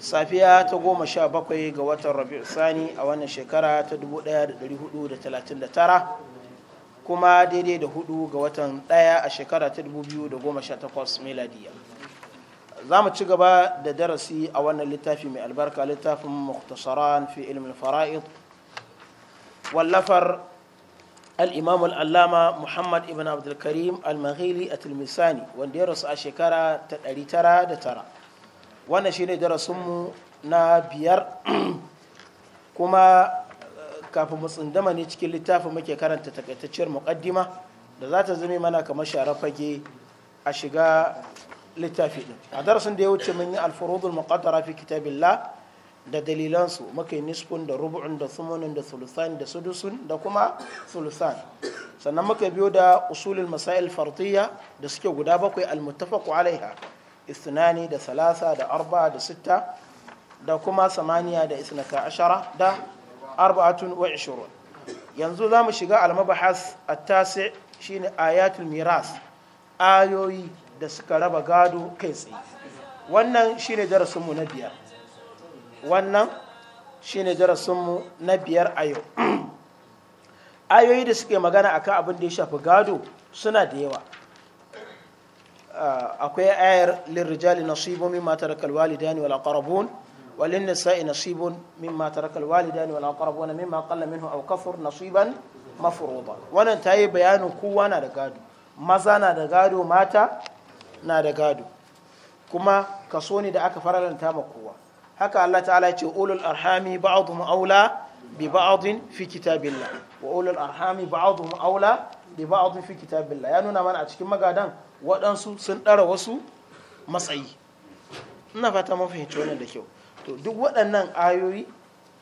safiya ta goma sha bakwai ga watan rabi'u sani a wannan shekara ta 1439 kuma daidai da hudu ga watan daya a shekara ta 2018 meladiya za mu ci gaba da darasi a wannan littafi mai albarka littafin muktasaran fi ilmin fara'id wallafar al'imam al'allama muhammad ibn abdulkarim al-maghili a tilmisani wanda ya rasu a shekara ta 909 wannan shine darasinmu na biyar kuma eh, kafin mu tsindama ne cikin littafin muke karanta takaitacciyar muƙaddima da za ta zame mana kamar share fage a shiga littafi ɗin a darasin da ya wuce mun yi alfurudul muqaddara fi kitabillah da dalilansu muka yi nisfun da rubu'un da thumunin da thuluthan da sudusun da kuma thuluthan sannan muka biyo da usulul masail fardiyya da suke guda bakwai almuttafaqu alaiha isnani da salasa da arba da sitta da kuma samaniya da isnata ashara da arba'atun wa ishirun yanzu za mu shiga almabahas shi ne ayatul miras ayoyi da suka raba gado kai tsaye wannan shine darasinmu na biyar wannan ne darasinmu na biyar a yau ayoyi da suke magana akan abin da ya shafi gado suna da yawa akwai ayar lirrijali nasibun mimma tarakal walidani wal aqrabun walin nisa'i nasibun mimma tarakal walidani wal aqrabuna mimma qalla minhu aw kafur nasiban mafruḍa wannan tayi bayanin kowa na da gado maza na da gado mata na da gado kuma kaso ne da aka faralanta ma kowa haka Allah ta'ala ya ce ulul arhami ba'dhum aula ببعض في كتاب الله وأولو الأرحام بعضهم أولى ببعض في كتاب الله يعني أنا cikin magadan مقادا sun سنتر wasu matsayi ina fata mun fahimci wannan da kyau to duk waɗannan ayoyi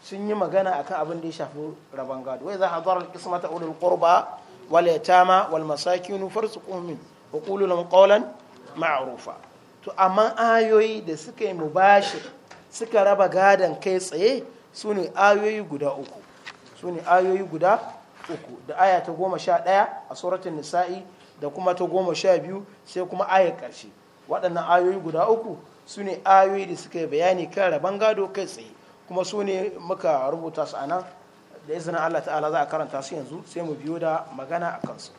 sun yi magana akan abin da ya shafi rabon gado wai za a zuwa kismata ulul qurba wal yatama wal masakin farzuquhum min wa qulu lahum qawlan ma'rufa to amma ayoyi da suka yi mubashir suka raba gadon kai tsaye su ne ayoyi guda uku su ne ayoyi guda uku da aya ta goma sha ɗaya a tsoratin nisa'i da kuma ta goma sha biyu sai kuma aya ƙarshe waɗannan ayoyi guda uku su ne ayoyi da suka yi bayani kan rabon gado kai tsaye kuma su ne muka rubuta su a nan da izinin allah ta'ala za a karanta su yanzu sai mu biyo da magana a kansu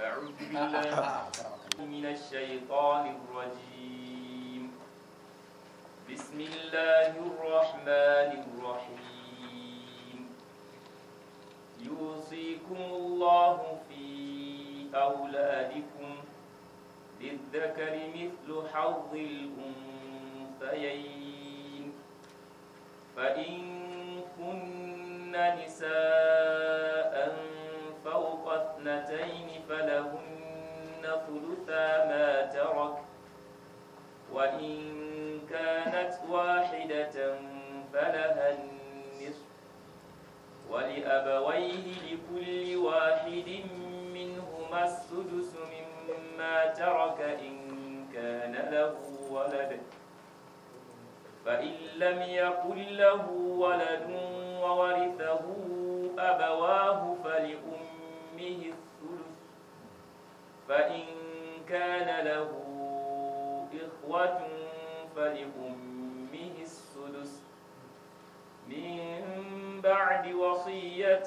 أعوذ بالله من الشيطان الرجيم بسم الله الرحمن الرحيم يوصيكم الله في أولادكم للذكر مثل حظ الأنثيين فإن كن نساء فوق اثنتين فلهن ثلثا ما ترك وإن كانت واحدة فلها النصف ولأبويه لكل واحد منهما السدس مما ترك إن كان له ولد فإن لم يكن له ولد وورثه أبواه فلأمه الثلث فإن كان له إخوة فلأمه السدس من بعد وصية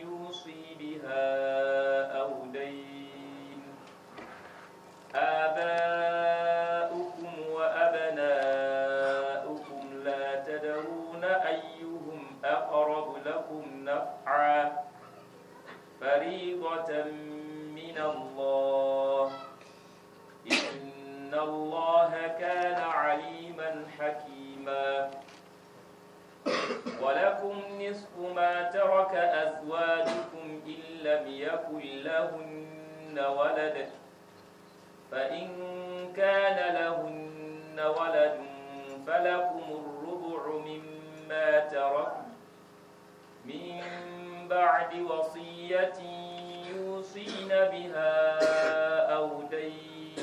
يوصي بها أو دين آباؤكم وأبناؤكم لا تدرون أيهم أقرب لكم نفعا فريضة من الله ولكم نصف ما ترك أزواجكم إن لم يكن لهن ولد فإن كان لهن ولد فلكم الربع مما ترك من بعد وصية يوصين بها أو دين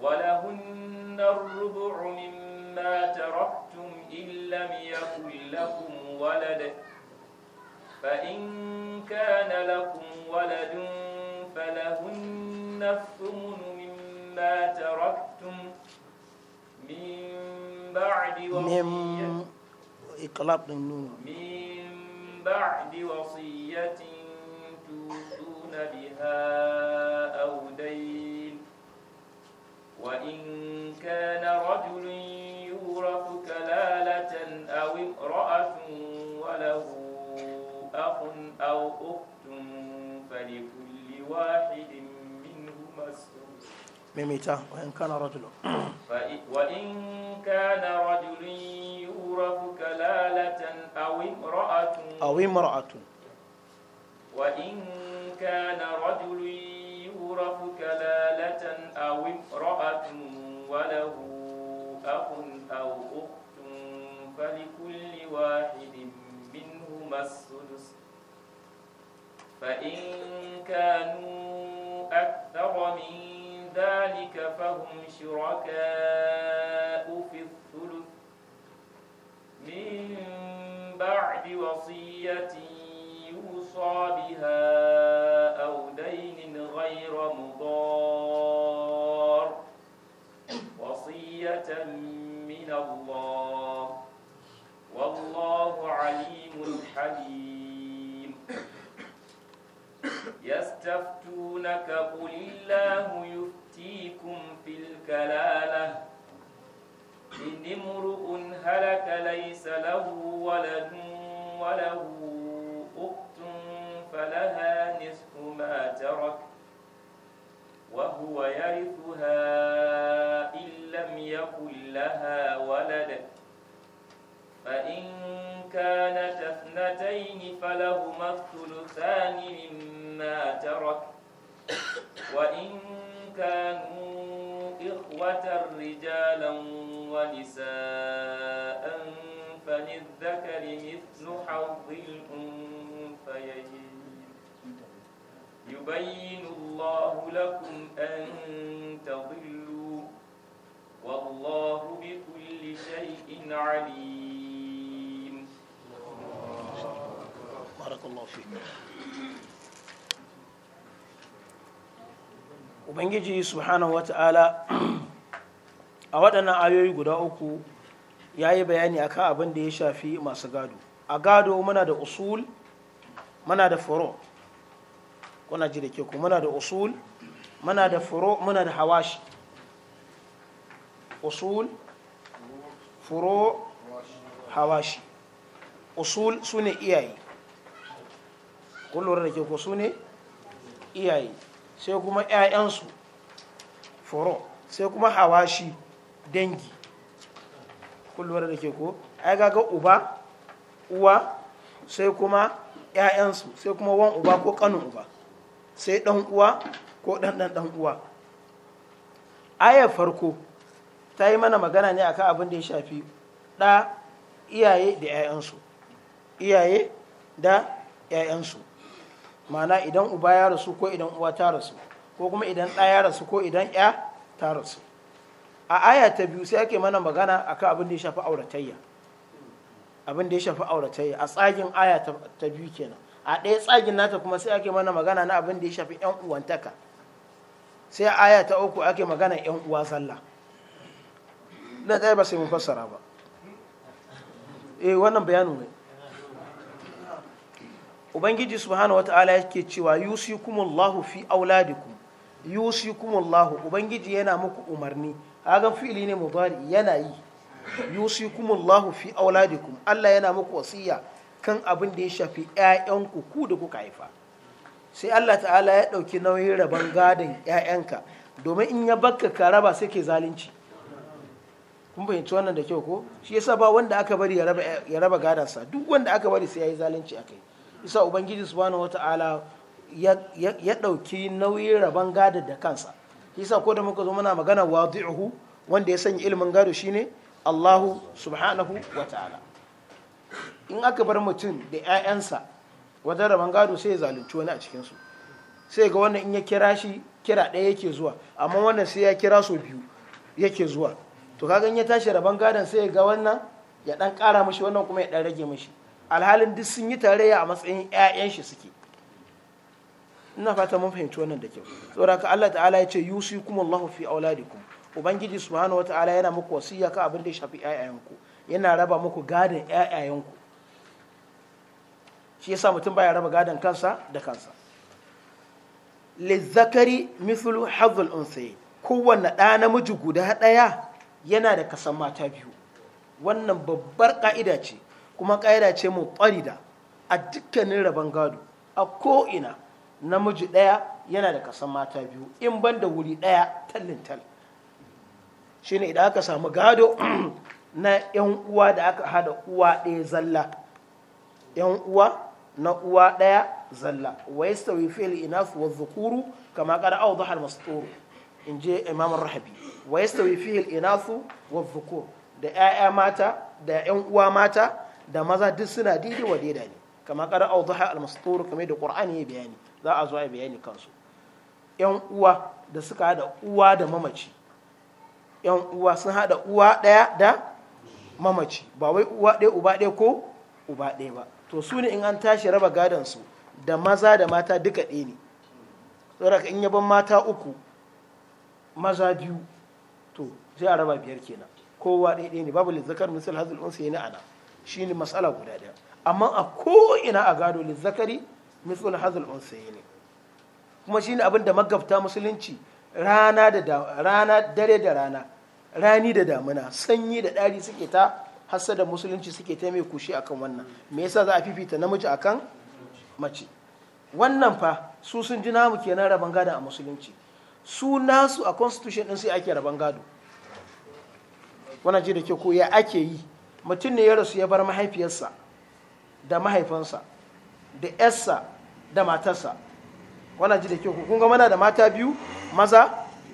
ولهن الربع مما تركت أنفسكم إن لم يكن لكم ولد فإن كان لكم ولد فلهن الثمن مما تركتم من بعد وصية من بعد وصية توصون بها أو دين وإن كان رجل يورث كلالة أو امرأة وله أخ أو أخت فلكل واحد منهما السدس ميميتا وإن كان رجل وإن كان رجل يورث كلالة أو امرأة أو امرأة وإن كان رجل يورث كلالة أو امرأة وله أخ أو أخت فلكل واحد منهما السدس فإن كانوا أكثر من ذلك فهم شركاء في الثلث من بعد وصية يوصى بها أو دين غير مضار وصية من الله والله عليم حليم يستفتونك قل الله يفتيكم في الكلاله الذكر مثل حظ الأنثيين يبين الله لكم أن تضلوا والله بكل شيء عليم بارك الله فيك Ubangiji subhanahu wa ta'ala a waɗannan ayoyi guda uku ya yi bayani a kan abin da ya shafi masu gado a gado muna da usul muna da furo kuna ji da ke ku muna da usul muna da furo muna da hawashi usul furo hawashi usul su ne iyaye kullum da ke ku su ne iyaye sai kuma 'ya'yansu furo sai kuma hawashi dangi kullum da ke ko ai gaga uba uwa sai kuma ƴaƴansu, sai kuma wan uba ko ƙanin uba sai dan uwa ko dan dan dan uwa Aya farko ta yi mana magana ne akan abin da ya shafi ɗa iyaye da ƴaƴansu, iyaye da ƴaƴansu. mana idan uba ya rasu ko idan uwa ta rasu ko kuma idan ɗa ya rasu ko idan 'ya ta rasu a aya ta biyu sai ake mana magana a kan abin da ya shafi auratayya abin da ya shafi auratayya a tsagin aya ta biyu kenan a ɗaya tsagin nata kuma sai ake mana magana na abin da ya shafi yan uwantaka sai a aya ta uku ake magana yan uwa sallah na ɗaya ba sai mun fassara ba eh wannan bayanin ne ubangiji subhanahu wata'ala yake cewa yusikumullahu fi auladikum yusikumullahu ubangiji yana muku umarni kaga fili ne mudari yana yi yusikumullahu fi auladikum Allah yana muku wasiya kan abin da ya shafi ƴaƴanku ku da kuka haifa sai Allah ta'ala ya ɗauki nauyin rabon gadon ƴaƴanka domin in ya bakka ka raba sai ke zalunci kun fahimci wannan da kyau ko shi yasa ba wanda aka bari ya raba gadansa duk wanda aka bari sai ya yi zalunci a kai isa ubangiji subhanahu wata'ala ya ɗauki nauyin rabon gadon da kansa yasa ko da muka zo muna magana wadi'uhu wanda ya sanya ilimin gado shine Allahu subhanahu wa ta'ala in aka bar mutum da 'ya'yansa wajen rabon gado sai ya zalunci wani a cikinsu sai ga wannan in ya kira shi kira ɗaya yake zuwa amma wannan sai ya kira su biyu yake zuwa to kaga in ya tashi rabon gadon sai ya ga wannan ya ɗan ƙara mashi wannan kuma ya ɗan rage mashi alhalin duk sun yi tarayya a matsayin 'ya'yan shi suke ina fata mun fahimci wannan da kyau saboda Allah ta'ala ya ce kuma Allahu fi auladikum ubangiji subhanahu wata'ala yana muku wasiya ka abin da ya shafi ƴaƴayenku yana raba muku gadon ƴaƴayenku shi yasa mutum baya raba gadin kansa da kansa lizzakari mithlu hadhul unsayi kowanne ɗa namiji guda ɗaya yana da kasan mata biyu wannan babbar ƙa'ida ce kuma ƙa'ida ce mu ƙwarida a dukkanin rabon gado a ko ina. namiji ɗaya yana da kasan mata biyu in ban da wuri ɗaya tallintal shi ne idan aka samu gado na yan uwa da aka hada uwa ɗaya zalla yan uwa na uwa ɗaya zalla wa fili ina su wanzu kuru? kama au awdaha masu tsoro in je imam rahabi wa fili ina su wanzu kuru da 'ya'ya mata da yan uwa mata da maza duk suna daidai wa ne kama au awdaha masu tsoro kamar da qur'ani ya bayani za a zo a bayani kansu yan uwa da suka hada uwa da mamaci yan uwa sun hada uwa daya da mamaci ba wai uwa ɗaya uba ɗaya ko uba ɗaya ba to su ne in an tashi raba gadon su da maza da mata duka ɗaya ne tsoraka in yaban mata uku maza biyu to sai a raba biyar kenan kowa ɗaya ɗaya ne babu lizzakar misal hazil unsa yana ana ne matsala guda ɗaya amma a ko'ina a gado lizzakari mithul hadhul ne kuma shine abin da magabta musulunci rana da rana dare da rana rani da damuna sanyi da dari suke ta hasa da musulunci suke ta mai kushi akan wannan me yasa za a fifita namiji akan mace wannan fa su sun ji namu kenan rabon gado a musulunci su nasu a constitution din sai ake rabon gado wannan ji da ke ko ya ake yi mutum ne ya rasu ya bar mahaifiyarsa da mahaifansa da yasa da matarsa wana ji da kyau kun ga mana da mata biyu maza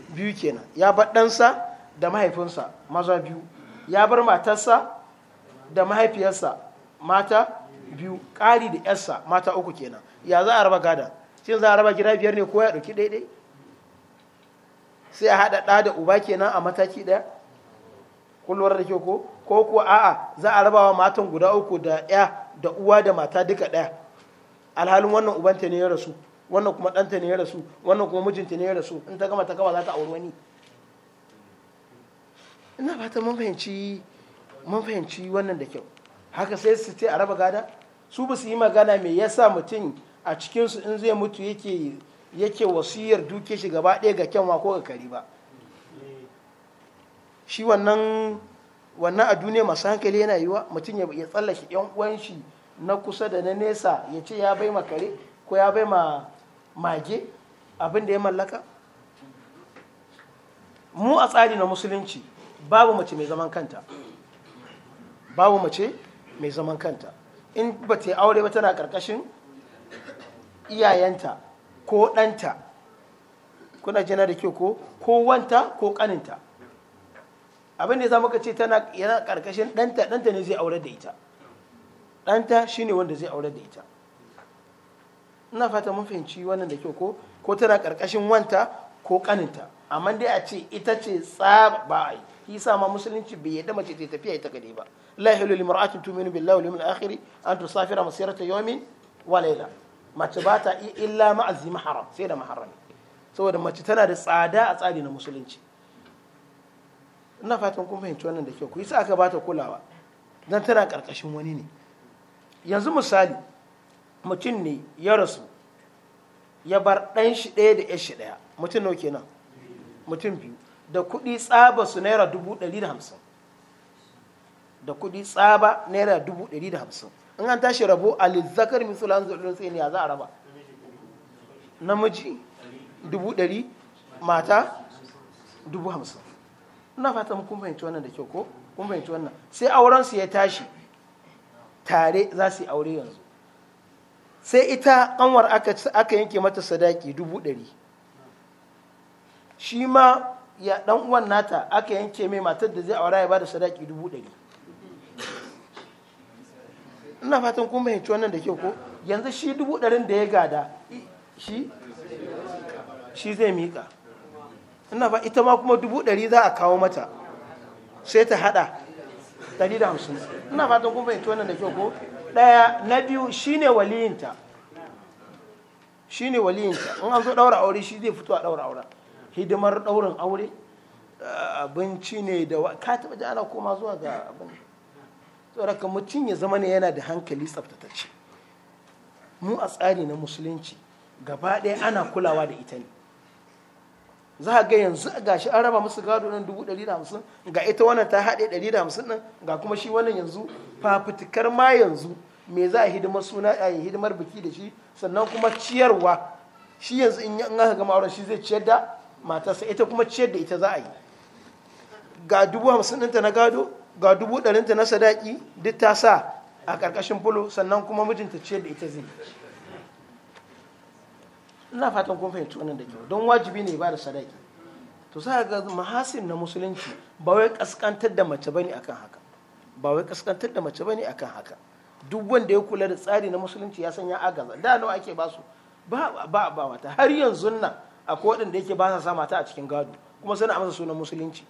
biyu kenan ya bar ɗansa da mahaifinsa maza biyu ya bar matarsa da mahaifiyarsa mata biyu ƙari da yarsa mata uku kenan ya za a raba gada Cin za a raba gida biyar ne ko ya ɗauki daidai sai a haɗa ɗa da uba kenan a mataki ɗaya kullum da kyau ko ko kuwa a'a za a raba wa matan guda uku da ya da uwa da mata duka ɗaya alhalin wannan ubanta ne ya rasu wannan kuma ɗanta ne ya rasu wannan kuma mijinta ne ya rasu in ta gama ta kawa za ta auri wani ina ba ta fahimci wannan da kyau haka sai su ce a raba gada su ba su yi magana me yasa mutum a cikinsu in zai mutu yake yake wasiyar duke shi gaba ɗaya ga kyanwa ko ga kari ba shi wannan a duniya masu hankali yana yiwa mutum ya tsallake yan uwan shi na kusa da na nesa ya ce ya bai makare ko ya bai ma mage abin da ya mallaka mu a tsari na musulunci babu mace mai zaman kanta babu mace mai zaman kanta in ba ta aure ba tana karkashin iyayenta ko ɗanta kuna jana da kyau ko ko wanta ko ƙaninta abin da ya zama ka ce tana karkashin ɗanta ɗanta ne zai aure da ita ɗanta shi ne wanda zai aure da ita ina fata mun fahimci wannan da kyau ko tana ƙarƙashin wanta ko ƙaninta amma dai a ce ita ce tsaba ba yi yasa ma musulunci bai yadda mace ta tafiya ita gade ba la ilaha illa mar'atun tu'minu billahi wal yawmil akhir an tusafira masirata yawmin wa layla mace ba ta illa ma'azi maharam sai da maharami saboda mace tana da tsada a tsari na musulunci ina fatan kun fahimci wannan da kyau ku yi sa aka bata kulawa dan tana karkashin wani ne yanzu misali mutum ne ya rasu ya bar ɗan shi ɗaya da ya shi ɗaya mutum nau kenan mutum biyu da kuɗi tsaba su naira dubu ɗari da hamsin da kuɗi tsaba naira dubu ɗari da hamsin in an tashi rabo alizakar misul an zuɗin sai ne ya za a raba namiji dubu ɗari mata dubu hamsin ina fata kun fahimci wannan da kyau ko kun fahimci wannan sai auren su ya tashi tare za su yi aure yanzu sai ita kanwar aka yanke mata sadaki dubu ɗari shi ma ya dan uwan nata aka yanke mai matar da zai aura ya bada sadaki dubu ɗari ina fatan kun fahimci wannan da ke ko yanzu shi dubu ɗarin da ya gada shi shi zai mika ina ba ita ma kuma dubu ɗari za a kawo mata sai ta hada da ina fatan kun fahimci wannan da kyau ko ɗaya na biyu shine waliyinta shine waliyinta in an zo ɗaura aure shi zai fito a ɗaura aure hidimar ɗaurin aure eh, abinci ne da ka taɓa ji ana koma zuwa ga abin tsoraka mutum ya zama ne yana da hankali tsaftatacce mu a tsari na musulunci gaba ɗaya ana kulawa da ita ne za a ga yanzu ga shi an raba musu gado nan dubu ɗari da hamsin ga ita wannan ta haɗe ɗari da hamsin nan ga kuma shi wannan yanzu fafutukar ma yanzu me za a hidimar suna a yi hidimar biki da shi sannan kuma ciyarwa shi yanzu in aka gama auren shi zai ciyar da matarsa ita kuma ciyar da ita za a yi ga dubu hamsin ɗinta na gado ga dubu ɗarinta na sadaki duk ta sa a ƙarƙashin bulo sannan kuma mijinta ciyar da ita zai ina fatan kun fahimci wannan da kyau don wajibi ne ba da sadaki to sai ga mahasin na musulunci ba wai kaskantar da mace bane akan haka ba wai kaskantar da mace bane akan haka duk wanda ya kula da tsari na musulunci ya san ya agaza da nawa ake ba su ba ba ba wata har yanzu nan akwai waɗanda yake ba sa sa mata a cikin gado kuma suna amsa sunan musulunci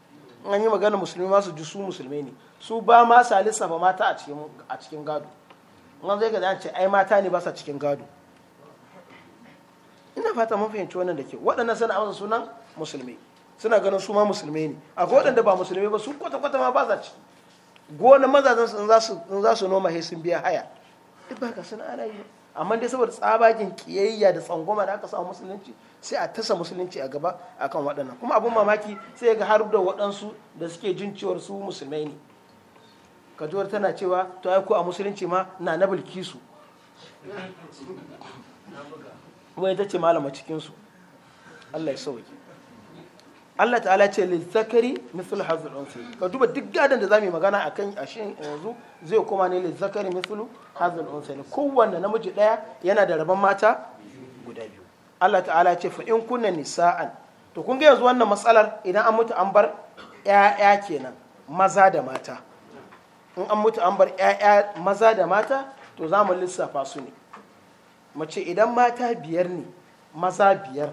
in an yi magana musulmi ma su ji su musulmai ne su ba ma sa lissafa mata a cikin a cikin gado in an zai ga an ce ai mata ne ba sa cikin gado ina fata mun fahimci wannan da ke waɗannan suna amsa sunan musulmi suna ganin su ma musulmi ne akwai waɗanda ba musulmi ba su kwata-kwata ma ba za ci gona mazajen in za su noma sun biya haya duk ba ka suna ana yi amma dai saboda tsabagen kiyayya da tsangwama da aka samu musulunci sai a tasa musulunci a gaba akan waɗannan kuma abun mamaki sai ga har da waɗansu da suke jin cewar su musulmai ne kajuwar tana cewa to ai ko a musulunci ma na na bilkisu kuma ita ce malama cikinsu Allah ya sauki Allah ta'ala ce lil zakari mithlu hazul unsi ka duba duk gadan da zamu magana akan ashin yanzu zai koma ne lil zakari mithlu hazul unsi kowanne namiji daya yana da rabon mata guda biyu Allah ta'ala ce fa in kunna nisa'an to kun ga yanzu wannan matsalar idan an mutu an bar ƴaƴa kenan maza da mata in an mutu an bar ƴaƴa maza da mata to zamu lissafa su ne mace idan mata biyar ne maza biyar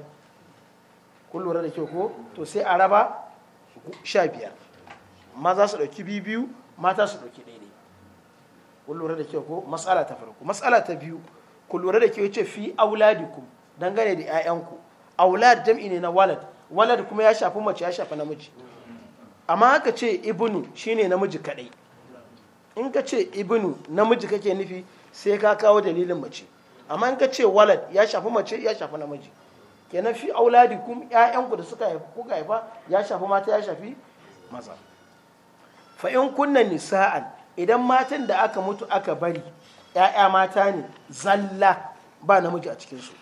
ku lura da kyau ko to sai a raba sha biyar maza su ɗauki biyu biyu mata su ɗauki ɗaya ku lura da kyau ko matsala ta farko matsala ta biyu ku lura da kyau ce fi auladikum dangane da 'ya'yanku aulad jam'i ne na walad walad kuma ya shafi mace ya shafi namiji amma haka ce ibnu shine namiji kadai in ka ce ibnu namiji kake nufi sai ka kawo dalilin mace amma in ka ce walad ya shafi mace ya shafi namiji kenan fi kum ƴaƴanku da suka kuka haifa ya shafi mata ya shafi maza fa in kunna nisa'an idan matan da aka mutu aka bari yaya mata ne zalla ba namiji a cikin su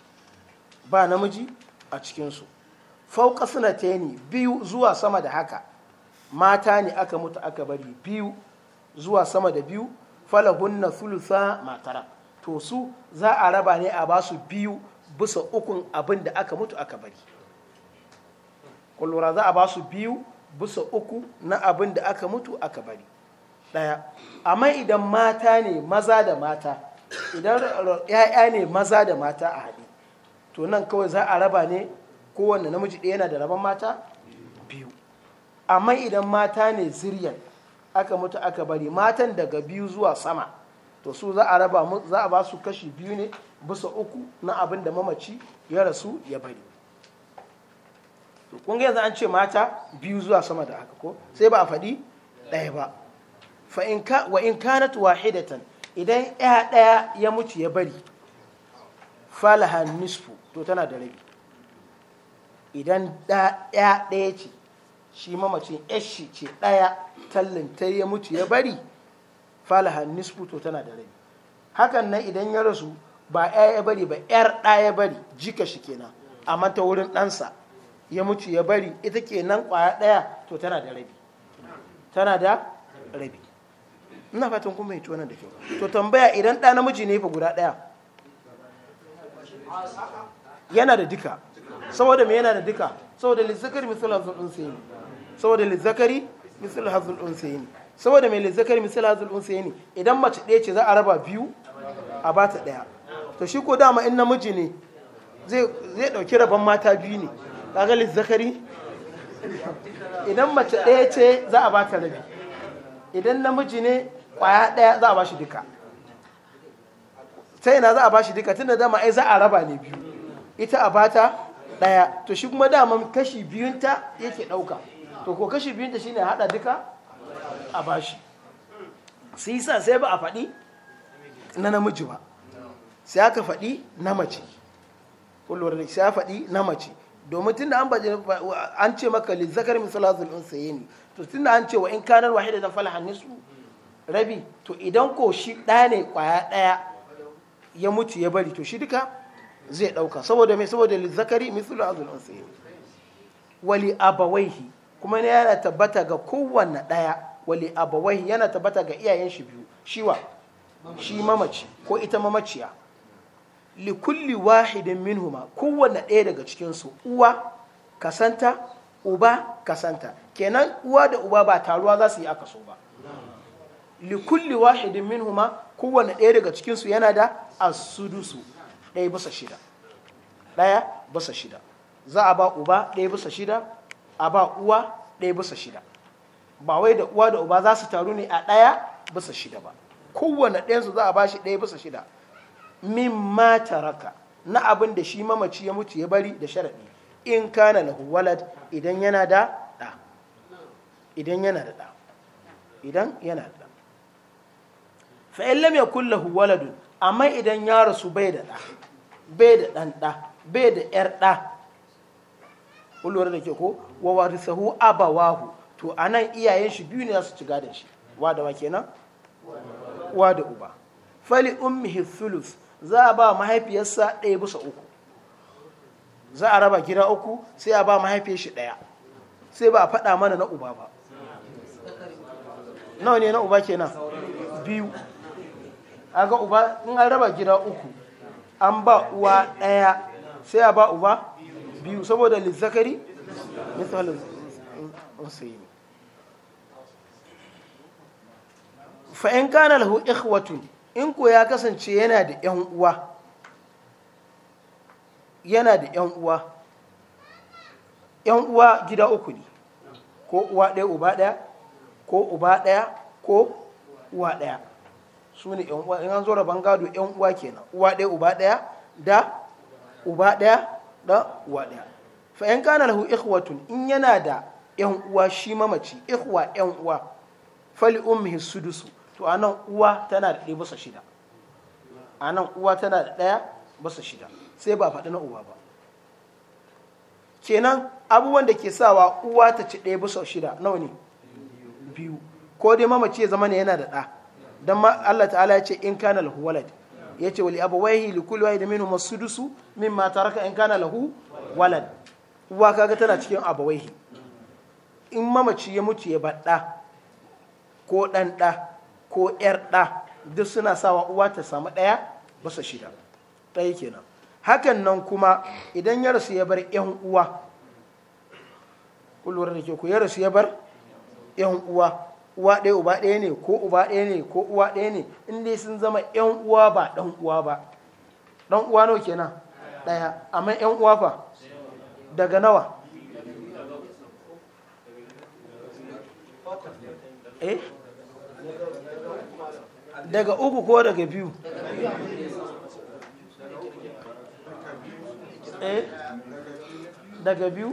ba namiji a cikin su fauka ne biyu zuwa sama da haka mata ne aka mutu aka bari biyu zuwa sama da biyu falahunna thulutha matara to su za a raba ne a basu biyu bisa ukun abin da aka mutu aka bari kullura za a basu biyu bisa uku na abin da aka mutu aka bari ɗaya amma idan mata ne maza da mata idan ‘ya'ya ne maza da mata a haɗe to nan kawai za a raba ne kowane namiji ɗaya yana da raban mata biyu amma idan mata ne ziryar aka mutu aka bari matan daga biyu zuwa sama to su za a raba za a ba su kashi biyu ne bisa uku na abin da mamaci ya rasu ya bari to kun yanzu an ce mata biyu zuwa sama da haka ko sai ba a faɗi ɗaya ba fa in ka wa in kanat wahidatan idan ya ɗaya ya mutu ya bari falaha nisfu to tana da rabi idan ɗaya ɗaya ce shi mamacin yashi ce ɗaya tallinta ya mutu ya bari falaha nisfu to tana da rabi hakan nan idan ya rasu ba ya ya bari ba yar da ya bari jika shi kenan amma ta wurin ɗansa ya mutu ya bari ita kenan ƙwaya ɗaya to tana da rabi tana da rabi ina fatan kuma yato wannan da kyau to tambaya idan ɗa namiji ne fa guda ɗaya yana da duka saboda me yana da duka saboda lizakari misal hazul unsayin saboda lizakari misal hazul unsayin saboda mai lizzakar misali hazul yani idan mace ɗaya ce za a raba biyu a ba ta ɗaya to shi ko dama in namiji ne zai ɗauki rabon mata biyu ne kaga lizzakari idan mace ɗaya ce za a ba ta rabi idan namiji ne ƙwaya ɗaya za a ba shi duka ta yana za a ba shi duka tunda dama ai za a raba ne biyu ita a ba ta ɗaya to shi kuma dama kashi biyunta yake ɗauka to ko kashi biyunta shine haɗa duka a bashi su yi sa sai ba a faɗi na namiji ba sai aka faɗi na mace kullum ne sai faɗi na mace domin tunda an baje an ce maka li zakar min salatul unsayni to tunda an ce wa in kanar wahida da falaha nisu rabi to idan ko shi ɗaya ne kwaya ɗaya ya mutu ya bari to shi duka zai ɗauka saboda mai saboda li zakari min salatul unsayni wali abawaihi kuma ne yana tabbata ga kowanne ɗaya wali abawai yana tabbata ga iyayen shi biyu shiwa shi mamaci ko ita mamaciya li kulli wahidin minhuma kowanne ɗaya daga cikinsu uwa kasanta uba kasanta kenan uwa da uba ba taruwa za su yi aka so ba li kulli wahidin minhuma kowanne ɗaya daga cikinsu yana da asudusu ɗaya bisa shida ɗaya bisa shida za a ba uba ɗaya bisa shida a ba uwa ɗaya bisa shida ba wai da uwa da uba za su taru ne a ɗaya bisa shida ba kowane ɗayansu za a ba shi ɗaya bisa shida min ma taraka na abin da shi mamaci ya mutu ya bari da sharaɗi in kana lahu walad idan yana da ɗa idan yana da ɗa idan yana da ɗa fa in lam yakul lahu amma idan ya rasu bai da ɗa bai da ɗan ɗa bai da ƴar ɗa kullu da ke ko wa warisahu abawahu to anan iyayen shi biyu ne za su ci gadon shi wa da wa nan? wa da uba fali ummihi thuluth za a ba mahaifiyarsa ɗaya bisa uku za a raba gida uku sai a ba mahaifiyar shi ɗaya sai ba a faɗa mana na uba ba nawa ne na uba ke nan? biyu ga uba in an raba gida uku an ba uwa ɗaya sai a ba uba biyu saboda lizzakari misalin unsayi fa in kana lahu ikhwatun in ko ya kasance yana da yan uwa yana da yan uwa yan uwa gida uku ne ko uwa ɗaya uba ɗaya ko uba ɗaya ko uwa ɗaya su ne yan uwa in an zo rabon gado yan uwa kenan uwa ɗaya uba ɗaya da uba ɗaya da uwa ɗaya fa in kana lahu ikhwatun in yana da yan uwa shi mamaci ikhwa yan uwa fali ummi sudusu to a nan uwa tana da ɗaya bisa shida a nan uwa tana da ɗaya bisa shida sai ba faɗi na uwa ba kenan abubuwan da ke sawa uwa ta ci ɗaya bisa shida nawa ne biyu ko dai mamaci ya zama ne yana da ɗa don Allah ta'ala ya ce in kana lahu walad ya ce wali abu wai likul wahi da minu masu dusu min mata raka in kana lahu walad uwa kaga tana cikin abu wahi in mamaci ya mutu ya baɗa ko ɗan ɗa ko 'yar ɗa duk suna sawa uwa ta samu ɗaya basa shida ɗaya kenan hakan nan kuma idan ya rasu ya bar 'yan uwa kullum da ke ku ya rasu ya bar 'yan uwa uwa ɗaya uba ɗaya ne ko uba ɗaya ne ko uwa ɗaya ne in dai sun zama 'yan uwa ba ɗan uwa ba ɗan uwa nawa kenan ɗaya amma 'yan uwa fa daga nawa eh daga uku ko daga biyu eh daga biyu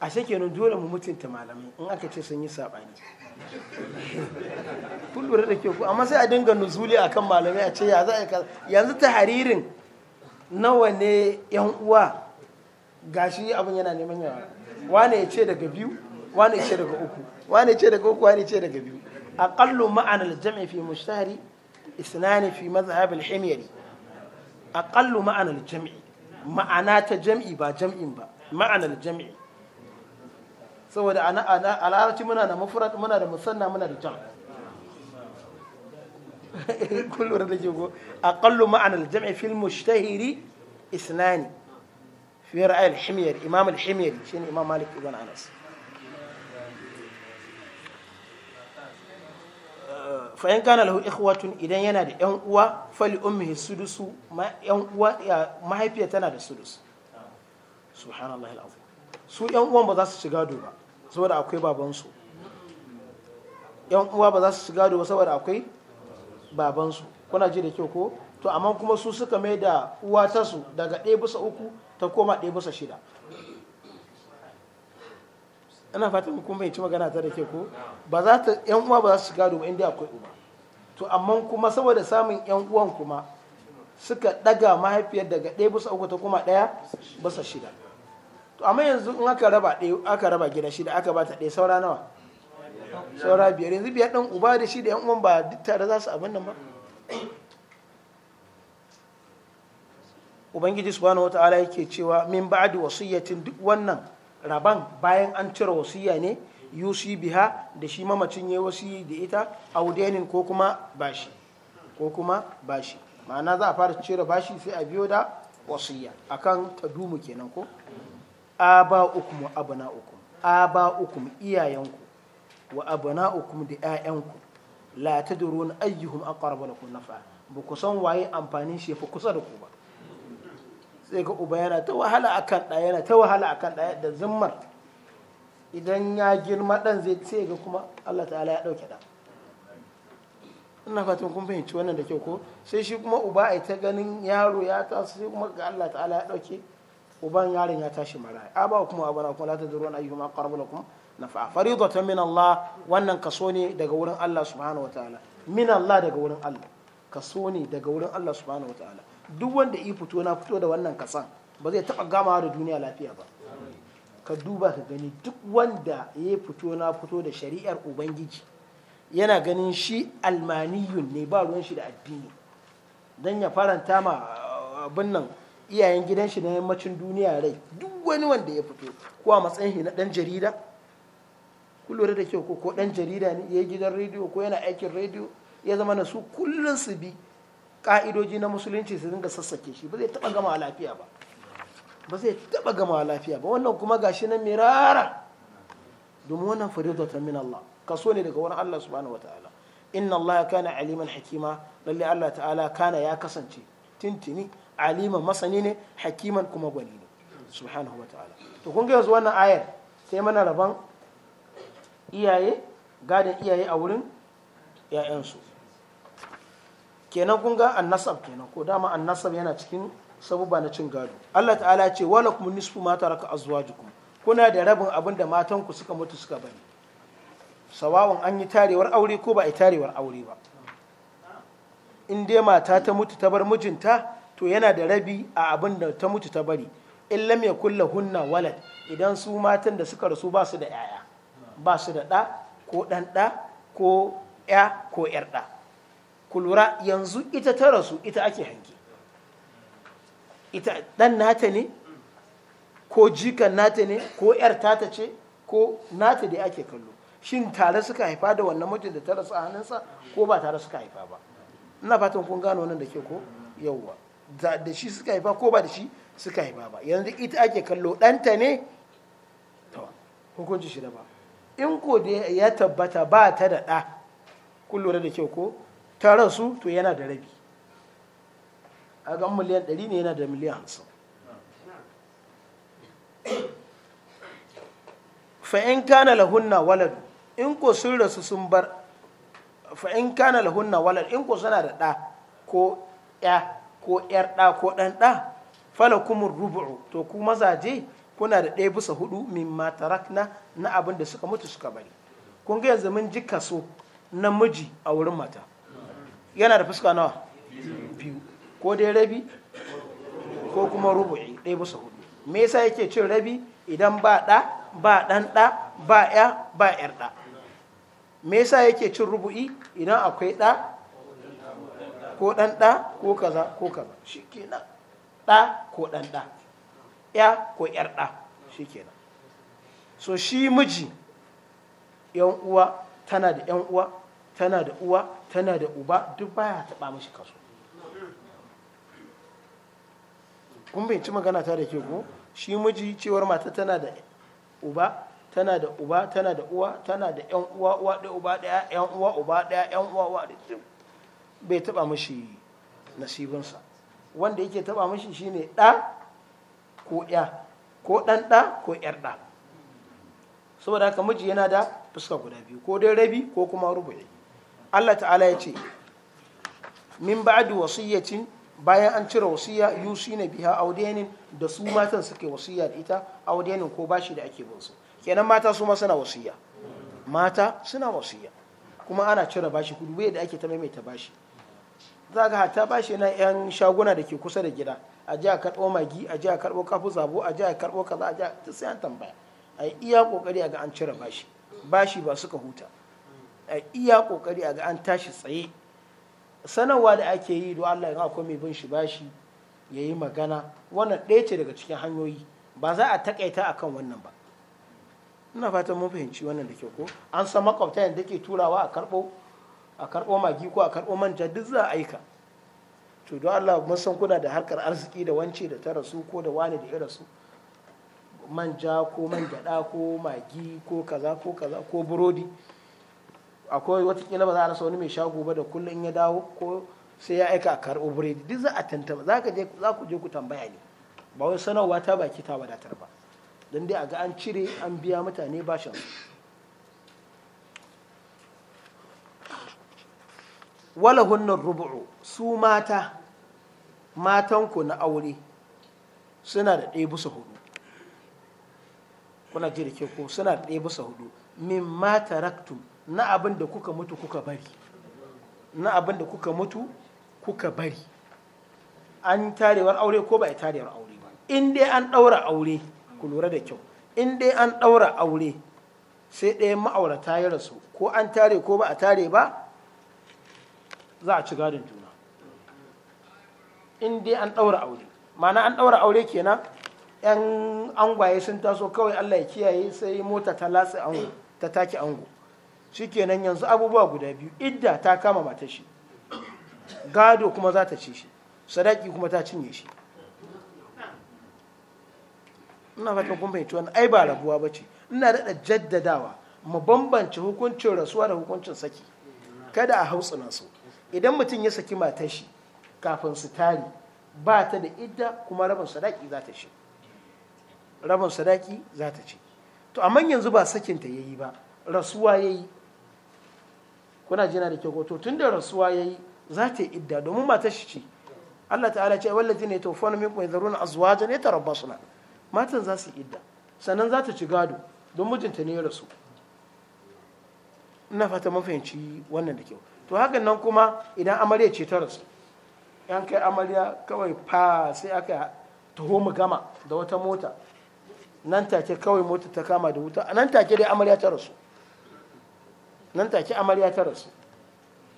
a nun dole mu mutunta malamai in aka ce sun yi saɓani kun da ke ku amma sai a dinga nuzuli a kan malamai a ce ya za a yanzu ta haririn nawa ne yan uwa gashi abin yana neman yawa wane ya ce daga biyu wane ya ce daga uku wane ya ce daga uku wane ya ce daga biyu aqallu ma'ana al-jam'i fi mushtahari isnani fi madhhab al-himyari aqallu ma'ana al-jam'i ma'ana ta jam'i ba jam'in ba ma'ana al-jam'i saboda ana ana a muna da mufrad muna da musanna muna da jam' kullu da jigo aqallu ma'ana al-jam'i fi al isnani fi ra'ayil himyar imam idan yana da yan uwa fali ummihi sudusu yan uwa mahaifiya da sudus subhanallahi su yan uwan ba za su shiga do saboda akwai babansu yan uwa ba za su shiga do saboda akwai babansu kuna ji da kyau ko to amma kuma su suka mai da uwa tasu daga ɗaya bisa uku ta koma ɗaya bisa shida ana fatan kun bai ci magana ta da ke ko ba za ta yan uwa ba za su shiga domin inda akwai uba to amma kuma saboda samun yan uwan kuma suka daga mahaifiyar daga ɗaya bisa uku ta koma ɗaya bisa shida to amma yanzu in aka raba ɗaya aka raba gida shida aka bata ɗaya saura nawa saura biyar yanzu biyar ɗan uba da shi da yan uwan ba duk tare za su abin nan ba ubangiji subhanahu wataala yake cewa min ba'di wasiyyatin duk wannan raban bayan an cire wasiya ne yusi biha da shi mamacin ya wasi da ita audenin ko kuma bashi ko kuma bashi ma'ana za a fara cire bashi sai a biyo da wasiya akan tadumu kenan ko aba ukum uku. abna ukum aba ukum iyayenku wa abna ukum da ƴaƴanku la tadrun ayyuhum aqrabu lakum nafa ba ku san waye amfanin shi fa kusa da ku ba sai ga uba yana ta wahala akan ɗaya yana ta wahala akan ɗaya da zimmar idan ya girma ɗan zai sai ga kuma Allah ta'ala ya ɗauke ɗan ina fatan kun fahimci wannan da kyau ko sai shi kuma uba a ta ganin yaro ya taso sai kuma ga Allah ta'ala ya ɗauke uban yaron ya tashi mara a ba kuma a abana kuma la tadrun ayyuhuma qarrab lakum nafa'a ta min Allah wannan kaso ne daga wurin Allah subhanahu ta'ala min Allah daga wurin Allah kaso ne daga wurin Allah subhanahu ta'ala. duk wanda yi fito na fito da wannan kasan ba zai taɓa gamawa da duniya lafiya ba ka duba ka gani duk wanda ya fito na fito da shari'ar ubangiji yana ganin shi almaniyun ne ba ruwan shi da addini don ya faranta ma ah, abin nan iyayen gidan shi na yammacin duniya rai duk wani wanda ya fito ko a matsayin shi na dan jarida ku lura da kyau ko dan jarida ne ya gidan rediyo ko yana aikin rediyo ya zama na su kullum su bi ka'idoji na musulunci su dinga sassake shi ba zai taba gama lafiya ba ba zai taba gama lafiya ba wannan kuma gashi na mirara domin wannan ta min Allah kaso ne daga wani Allah subhanahu wataala inna Allah ya kana aliman hakima lalle Allah ta'ala kana ya kasance tintini aliman masani ne hakiman kuma gwani ne subhanahu wataala to kun ga yanzu wannan ayar sai mana rabon iyaye gadin iyaye a wurin 'ya'yansu kenan kun ga annasab kenan ko dama annasab yana cikin sabuba na cin gado Allah ta'ala ce wala kuma nisfu ma taraka azwajukum kuna da rabin abin da matan ku suka mutu suka bari sawawan an yi tarewar aure ko ba a yi tarewar aure ba in dai mata ta mutu ta bar mijinta to yana da rabi a abin da ta mutu ta bari in lam yakul lahunna walad idan su matan da suka rasu ba su da yaya ba su da ɗa ko ɗan ɗa ko ya ko yar ɗa ku lura yanzu ita ta rasu ita ake hange ita ɗan nata ne ko jikan nata ne ko ‘yar tata ce ko nata da ake kallo shin tare suka haifa da wannan mutum da ta rasu a hannunsa ko ba tare suka haifa ba ina fatan kun gano nan da ke ko yauwa da shi suka haifa ko ba da shi suka haifa ba yanzu ita ake kallo ɗanta ne to hukunci shi da ba in ko da ya tabbata ba ta da ɗa kun lura da kyau ko tare su to yana da rabi a gan miliyan 100 ne yana da miliyan 50 fa'in kana lahunna walad in ko sun rasu sun bar fa'in kana lahunna walad in ko suna da ɗa ko ya ko ‘yar ɗa ko ɗan ɗa falakumin rubu'u to ku mazaje kuna da ɗaya bisa hudu min matarakna na abin da suka mutu suka bari kun ga yanzu mun ji kaso miji a wurin mata yana da fuska nawa biyu ko dai rabi ko kuma rubu'i ɗaya bisa hudu me yasa yake cin rabi idan ba ɗa ba ɗan ɗa ba ya ba ƴar ɗa me yasa yake cin rubu'i idan akwai ɗa ko ɗan ɗa ko kaza ko kaza shikenan ɗa ko ɗan ɗa ya ko ƴar ɗa shikenan so shi miji yan uwa tana da yan uwa tana da uwa tana da uba duk baya taɓa mashi kaso kun binci magana ta da ke ko shi miji cewar mata tana da uba tana da uba tana da uwa tana da yan uwa uwa ɗaya uba ɗaya yan uwa uba ɗaya yan uwa uwa bai taɓa mashi nasibinsa wanda yake taɓa mashi shine ɗa ko ya ko ɗan ɗa ko ƴar ɗa saboda haka miji yana da fuska guda biyu ko dai rabi ko kuma rubuɗi Allah ta'ala ya ce min da wasiyyacin bayan an cire wasiya yusina biha audenin da su matan suke wasiya da ita audenin ko bashi da ake bin su kenan mata su ma suna wasiya mata suna wasiya kuma ana cire bashi kudu da ake ta maimaita bashi za ga hata bashi na yan shaguna da ke kusa da gida a ji a karɓo magi a ji a karɓo kafu zabo a ji a karɓo kaza a ji a sai an tambaya a iya kokari a ga an cire bashi bashi ba suka huta a iya kokari a ga an tashi tsaye sanarwa da ake yi don Allah ya akwai mai bin shi bashi ya yi magana wannan ɗaya ce daga cikin hanyoyi ba za a takaita kan wannan ba ina fatan mun fahimci wannan da ke ko an san makwabta yadda ke turawa a karɓo a karɓo magi ko a karɓo manja duk za a aika to don Allah mun san kuna da harkar arziki da wance da ta rasu ko da wani da ya rasu manja ko man gyaɗa ko magi ko kaza ko kaza ko burodi akwai watakila ba za a rasa wani mai shago ba da kullum ya dawo ko sai ya aika a karɓo biredi duk za a tantama za ka je za ku je ku tambaya ne ba wai sanarwa ta baki ta wadatar ba don dai a ga an cire an biya mutane bashin wala hunnan rubu'u su mata matanku na aure suna da ɗaya bisa hudu kuna jirgin ko suna da ɗaya bisa hudu min mata raktum na abin da kuka mutu kuka bari na abin da kuka mutu kuka bari an tarewar aure ko ba a tarewar aure ba in dai an ɗaura aure ku lura da kyau in dai an ɗaura aure sai ɗaya ma'aurata ya rasu ko an tare ko ba a tare ba za a ci gadon juna in dai an ɗaura aure mana an ɗaura aure kenan yan angwaye sun taso kawai allah ya kiyaye sai mota ta lasa ango ta take ango shikenan yanzu abubuwa guda biyu idda ta kama mata shi gado kuma za ta ci shi sadaki kuma ta cinye shi ina kuma kun fahimci ai ba rabuwa ba ce ina daɗa jaddadawa mu bambance hukuncin rasuwa da hukuncin saki kada a hautsina su idan mutum ya saki mata shi kafin su tari ba ta da idda kuma rabin sadaki za ta ci rabin sadaki za ta ci to amma yanzu ba sakinta ya yi ba rasuwa ya yi kuna jina da kyau to tun da rasuwa yayi za ta yi idda domin matar shi ce Allah ta'ala ce wallazi ne tawfana minkum yadharuna azwajan suna matan za su yi idda sannan za ta ci gado don mijinta ne ya rasu ina fata fahimci wannan da kyau to hakan nan kuma idan amarya ce ta rasu yan kai amarya kawai fa sai aka taho mu gama da wata mota nan take kawai mota ta kama da wuta nan take dai amarya ta rasu nan take amarya ta rasu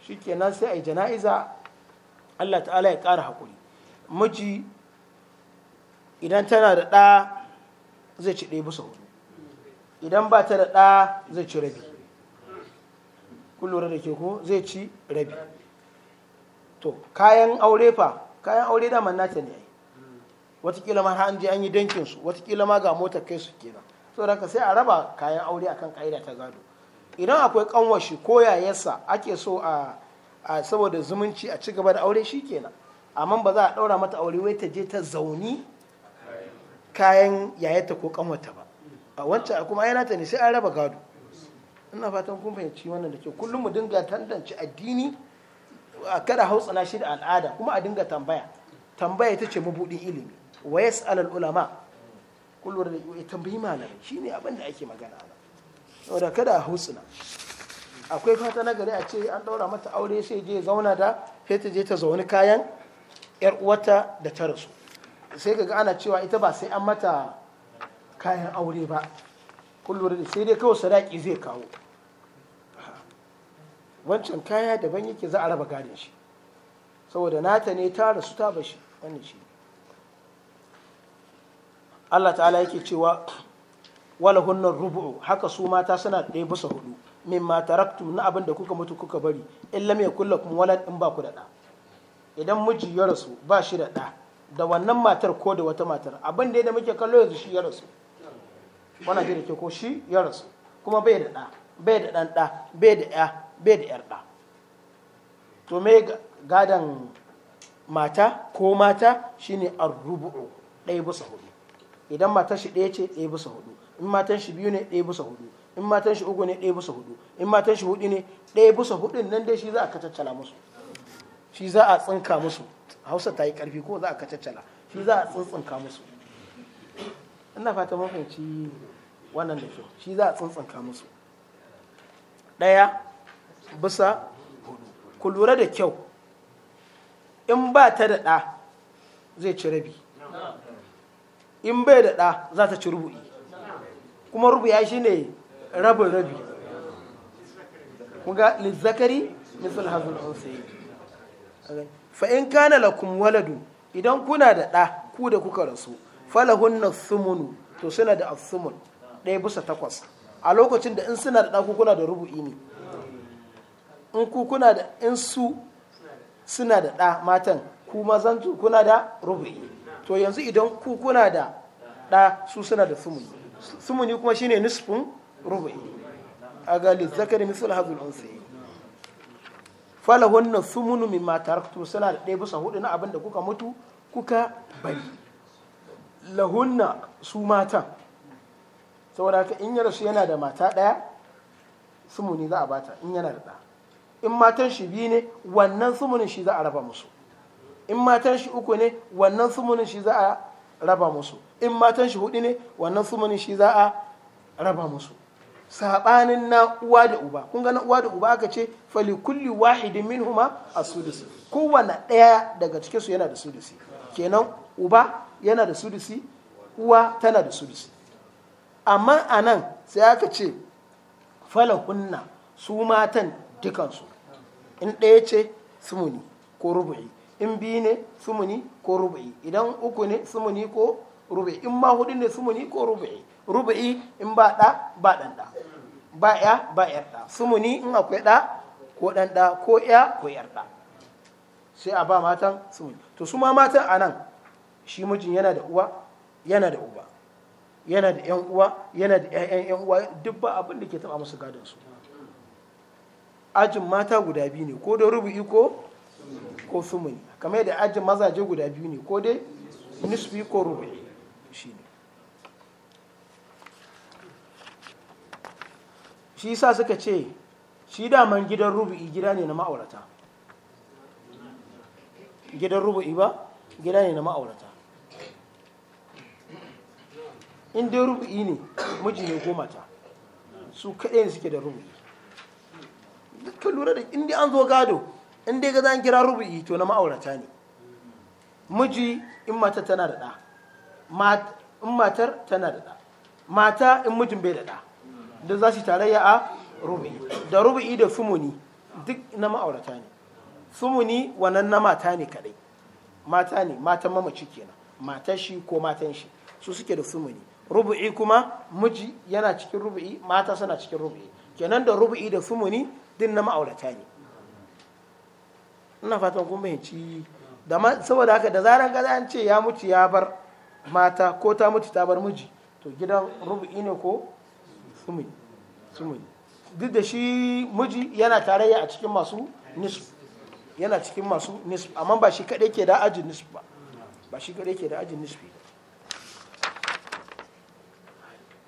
shikenan sai a yi jana'iza Allah ta'ala ya ƙara haƙuri miji idan tana da ɗa zai ci ɗaya busa hudu idan ba ta da ɗa zai ci rabi kullum da ke ko zai ci rabi to kayan aure fa kayan aure dama nata ne ai watakila ma har an je an yi dankin su watakila ma ga motar kai su kenan da ka sai a raba kayan aure akan ka'ida ta gado idan akwai kanwashi ko yayarsa ake so a saboda zumunci a ci gaba da aure shi kenan amma ba za a daura mata aure wai ta je ta zauni kayan yayata ko kanwata ba a wancan kuma yana ta ne sai an raba gado ina fatan kun fahimci wannan da ke kullum mu dinga tantance addini a kada hautsana shi da al'ada kuma a dinga tambaya tambaya ita ce mabuɗin ilimi wa yas'alul ulama kullum da tambayi malamai shine abin da ake magana wadda kada a husuna akwai fata na gari a ce an daura mata aure sai je zauna da sai je ta zaune kayan yar uwata da ta rasu sai ga ana cewa ita ba sai an mata kayan aure ba kullum sai dai kawai sadaki zai kawo wancan kaya daban yake za a raba gadin shi saboda nata ne ta rasu ta bashi wannan shi Allah ta'ala yake cewa wala rubu'u haka su mata suna ɗaya bisa hudu min ma na abin da kuka mutu kuka bari in lamya kulle kuma walad in ba ku da ɗa idan miji ya rasu ba shi da ɗa da wannan matar ko da wata matar abin da da muke kallo yanzu shi ya rasu wannan jira ke ko shi ya rasu kuma bai da ɗa bai da ɗan ɗa bai da ya bai da yar ɗa to me gadan mata ko mata shine ar-rubu'u ɗaya bisa hudu idan matar shi ɗaya ce ɗaya bisa hudu in matan shi biyu ne ɗaya bisa hudu in matan shi uku ne ɗaya bisa hudu in matan shi hudu ne ɗaya bisa hudu nan dai shi za a kacaccala musu shi za a tsinka musu hausa ta yi ƙarfi ko za a kacaccala shi za a tsintsinka musu ina fata mafanci wannan da kyau shi za a tsintsinka musu ɗaya bisa hudu ku lura da kyau in ba ta da ɗa zai ci rabi in bai da ɗa za ta ci rubu'i kuma rubuya shi ne rabin rabi kuga lizzakari misal hazul hausayi fa in kana lakum waladu idan kuna da ɗa ku da kuka rasu falahun na sumunu to suna da asumun ɗaya bisa takwas a lokacin da in suna da ɗa kuna da rubu ne in ku kuna da in su suna da ɗa matan ku mazan kuna da ini to yanzu idan ku kuna da ɗa su suna da sumuni sumuni kuma shine nisfun rubu'i a ga zakari misal hazul unsi na sumunu ma taraktu suna da ɗaya bisa hudu na abin da kuka mutu kuka bari lahunna su matan saboda ka in ya rasu yana da mata ɗaya sumuni za a bata in yana da ɗa in matan shi biyu ne wannan sumunin shi za a raba musu in matan shi uku ne wannan sumunin shi za a raba musu in matan shi hudu ne wannan sumanin shi za a raba musu saɓanin na uwa da uba kun na uwa da uba aka ce fali kulli wahidin minhuma a sudisi kowanne daya daga cikin su yana da sudusi kenan uba yana da sudusi uwa tana da sudusi amma a nan sai aka ce falakunna su matan dukansu in ɗaya ce sumuni ko rubu'i in biyu ne sumuni ko rubu'i idan uku ne sumuni ko rubi in ma hudu ne sumuni ko rubu'i rubu'i in ba ɗa ba ɗan ɗa ba ya ba yar ɗa sumuni in akwai ɗa ko ɗan ɗa ko ya ko yar ɗa sai a ba matan sumuni to su ma matan a nan shi mijin yana da uwa yana da uba yana da ƴan uwa yana da ƴaƴan ƴan uwa duk ba abin da ke taɓa musu gadon su ajin mata guda biyu ne ko da rubu'i ko ko sumuni kamar yadda ajin mazaje guda biyu ne ko dai nisfi ko rubu'i shine shi sa suka ce shi daman gidan rubu'i gida ne na ma'aurata gidan rubu'i ba gida ne na ma'aurata in dai rubu'i ne miji ne goma ta su kaɗai ne suke da rubu'i duka lura da inda an zo gado inda gaza an kira rubu'i to na ma'aurata ne miji in mata tana da ɗa in matar tana da ɗa mata in mutum bai da ɗa da za su tarayya a rubu'i da rubu'i da sumuni duk na ma'aurata ne sumuni wannan na mata ne kadai mata ne matan mamaci kenan mata shi ko matan shi su suke da sumuni rubu'i kuma miji yana cikin rubu'i mata suna cikin rubu'i kenan da rubu'i da sumuni din na ma'aurata ne ina fatan kun fahimci da saboda haka da zaran gaza an ce ya mutu ya bar mata ko ta mutu ta bar miji to gidan rubu'i ne ko sumuni duk da shi miji yana tarayya a cikin masu nisu yana cikin masu nisu amma ba shi kaɗai ke da ajin nisu ba ba shi kaɗai ke da ajin nisu ba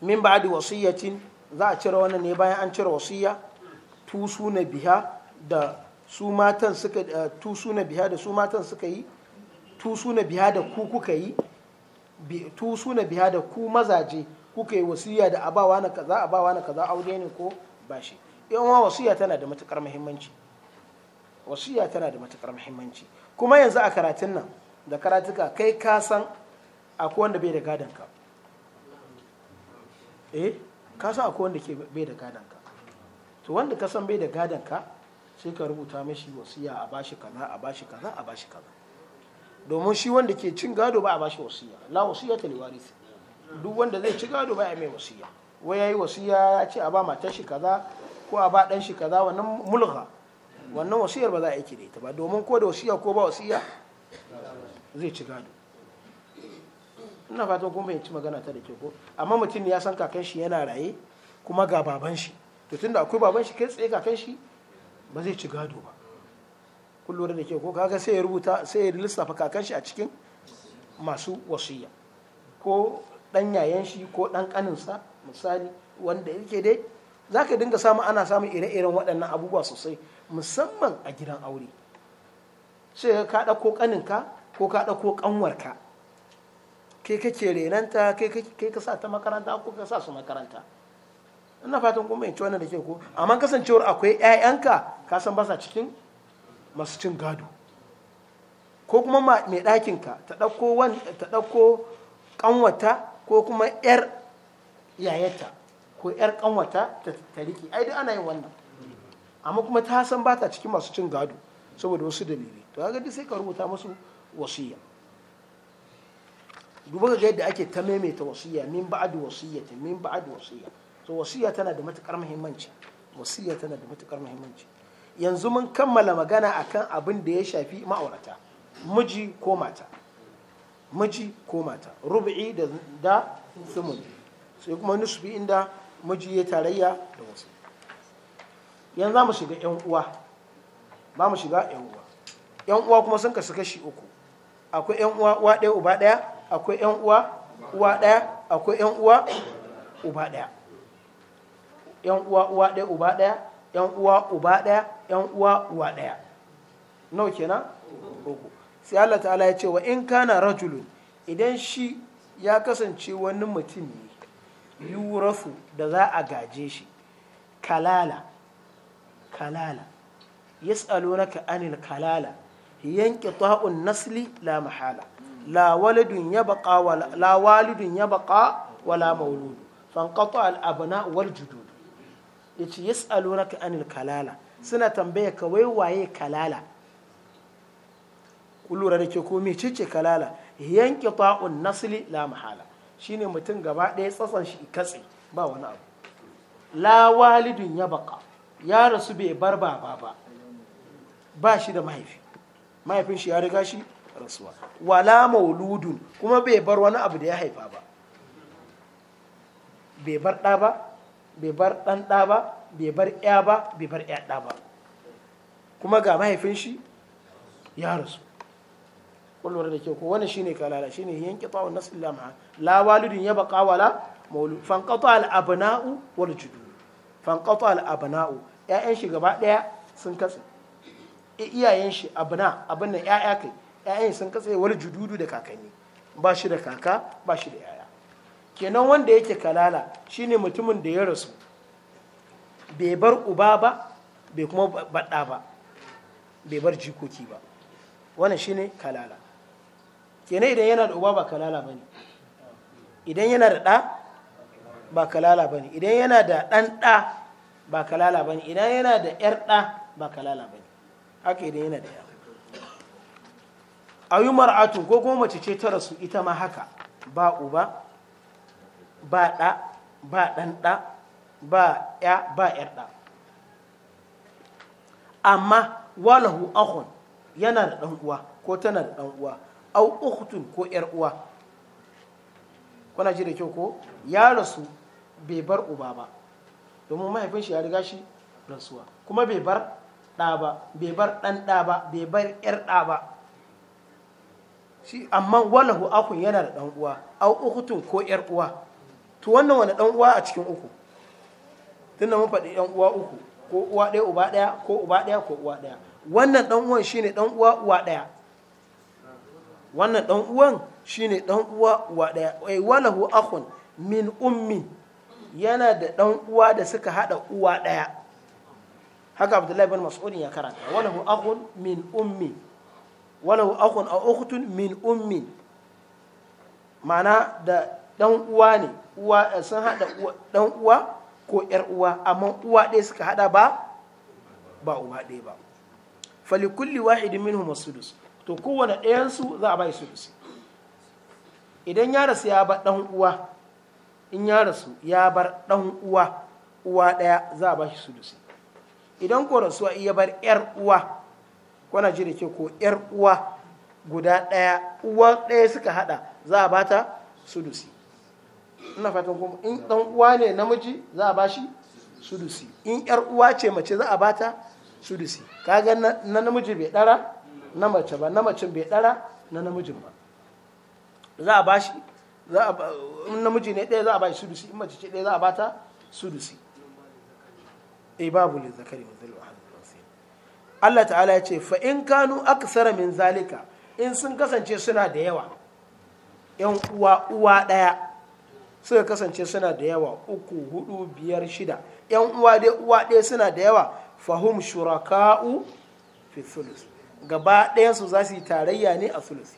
min ba da wasiyyatin za a cire wannan ne bayan an cire wasiyya tusu na biya da su matan suka eh, tusu na biya da su matan suka yi tusu na biya da ku kuka yi tu suna biya da ku mazaje kuka yi wasiya da abawa na kaza abawa na kaza aure ne ko bashi yan wa wasiya tana da matukar muhimmanci wasiya tana da matukar muhimmanci kuma yanzu a karatun nan da karatuka kai ka san akwai wanda bai da gadon ka eh ka san akwai wanda ke bai da gadon ka to wanda ka san bai da gadon ka sai ka rubuta mashi wasiya a bashi kaza a bashi kaza a bashi kaza domin shi wanda ke cin gado ba a bashi wasiya la wasiya ta liwaris duk wanda zai ci gado ba a mai wasiya wai yayi wasiya ya ce a ba matar shi kaza ko a ba dan shi kaza wannan mulga wannan wasiyar ba za a yi da ita ba domin ko da wasiya ko ba wasiya zai ci gado ina fatan kun fahimci magana ta da ke ko amma mutum ya san kakan yana raye kuma ga baban shi to tunda akwai baban shi kai tsaye kakan shi ba zai ci gado ba kun da ke ko kaga sai ya rubuta sai ya lissafa kakan shi a cikin masu wasiya ko dan yayan shi ko dan kaninsa misali wanda yake dai za ka dinga samu ana samun ire-iren waɗannan abubuwa sosai musamman a gidan aure sai ka ɗauko kaninka ko ka ɗauko ƙanwarka kai kake renanta kai ka sa ta makaranta ko ka sa su makaranta ina fatan kuma in ci wannan da ke ko amma kasancewar akwai 'ya'yanka ka san ba sa cikin masu cin gado ko kuma mai ɗakinka ta ɗauko ƙanwata ko kuma 'yar yayata ko 'yar ƙanwata ta tariki ai duk ana yin wannan amma kuma ta san ba ta cikin masu cin gado saboda wasu dalilai to ga duk sai ka rubuta masu wasiya duba ga yadda ake ta maimaita wasiya min ba'ad wasiyatin min adu wasiya to wasiya tana da matukar muhimmanci wasiya tana da matukar muhimmanci yanzu mun kammala magana akan abin da ya shafi ma'aurata miji ko mata miji ko mata rubu'i da da sumun sai kuma nisfi inda miji ya tarayya da wasu yanzu za mu shiga yan uwa ba mu shiga yan uwa yan uwa kuma sun kasu kashi uku akwai yan uwa uwa ɗaya uba ɗaya akwai yan uwa uwa ɗaya akwai yan uwa uba ɗaya yan uwa uwa ɗaya uba ɗaya yan uwa uba ɗaya yan uwa uwa ɗaya nau kenan uku sai Allah ta'ala ya ce wa in kana rajulun idan shi ya kasance wani mutum ne yurasu da za a gaje shi kalala kalala yas'alunaka anil kalala yanki ta'un nasli la mahala la walidun yabqa wala la walidun yabqa wala maulud fanqata al abna wal judud ya ce yas'alunaka anil kalala suna tambaya ka wai waye kalala ku lura da ke ko mecece kalala yanke ta'un nasli la mahala shine mutum gaba ɗaya tsatsan shi katse ba wani abu la walidun ya baka ya rasu bai bar baba ba ba shi da mahaifi mahaifin shi ya riga shi rasuwa wala mauludun kuma bai bar wani abu da ya haifa ba bai bar ɗa ba bai bar ɗan ɗa ba bai bar ya ba bai bar ya ɗa ba kuma ga mahaifin shi ya rasu kullum da ke ko wani shine kalala shine yanke tsawon nasu lama lawalidin ya baka wala maulu fankato al'abana'u abna'u wal judu fanqata 'ya'yan ƴaƴan shi gaba ɗaya sun katse iyayen shi abana abin nan ƴaƴa kai ƴaƴan sun katse wal jududu da kakanni ba shi da kaka ba shi da ƴaƴa kenan wanda yake kalala shine mutumin da ya rasu bai bar uba ba bai kuma baɗa ba bai bar jikoki ba wannan shine kalala kenan idan yana da uba ba kalala ba ne idan yana da ɗa ba kalala ba ne idan yana da ɗan ɗa ba kalala ba ne idan yana da ‘yar ɗa ba kalala ba ne haka idan yana da ‘yar a yi mar'atun ko kuma mace ce ta rasu ita ma haka ba uba ba ɗa ba ɗan ɗa ba ya ba ɗan ɗa amma walahu ahun yana da ɗan uwa ko tana da ɗan uwa au ukhtun ko ɗan uwa kuna ji da kyau ko ya rasu bai bar uba ba domin mahaifin shi ya riga shi rasuwa kuma bai bar ɗa ba bai bar ɗan ɗa ba bai bar ɗan ɗa ba shi amma walahu ahun yana da ɗan uwa au ukhtun ko ɗan uwa to wannan wani dan uwa a cikin uku tunda mun faɗi yan uwa uku ko uwa ɗaya uba ɗaya ko uba ɗaya ko uwa ɗaya wannan dan uwan shine dan uwa uwa ɗaya wannan dan uwan shine dan uwa uwa ɗaya ai walahu akhun min ummi yana da dan uwa da suka hada uwa ɗaya haka abdullahi bin mas'udin ya karanta walahu akhun min ummi walahu akhun aw ukhtun min ummi ma'ana da dan uwa ne uwa eh, sun hada dan uwa ko yar uwa amma uwa ɗaya suka hada ba ba uwa ɗaya ba kulli wahidin minhum sudus to kowane ɗayan su za a bai sudus idan ya rasu ya bar dan uwa in ya rasu ya bar dan uwa uwa ɗaya za a bashi sudus idan ko rasu iya bar yar uwa ko na ji da ke ko yar uwa guda ɗaya uwa ɗaya suka haɗa za a bata sudusi ina fatan kuma in dan uwa ne namiji za a bashi sudusi in yar uwa ce mace za a bata sudusi kaga na namiji bai dara na mace ba na mace bai dara na namijin ba za a bashi za a in namiji ne ɗaya za a bashi sudusi in mace ce ɗaya za a bata sudusi eh babu li zakari min zalwa Allah ta'ala ya ce fa in kanu aksara min zalika in sun kasance suna da yawa yan uwa uwa daya. suka kasance suna da yawa uku hudu biyar shida yan uwa dai uwa ɗaya suna da yawa fahum shuraka'u fi thuluth gaba su za su yi tarayya ne a thuluth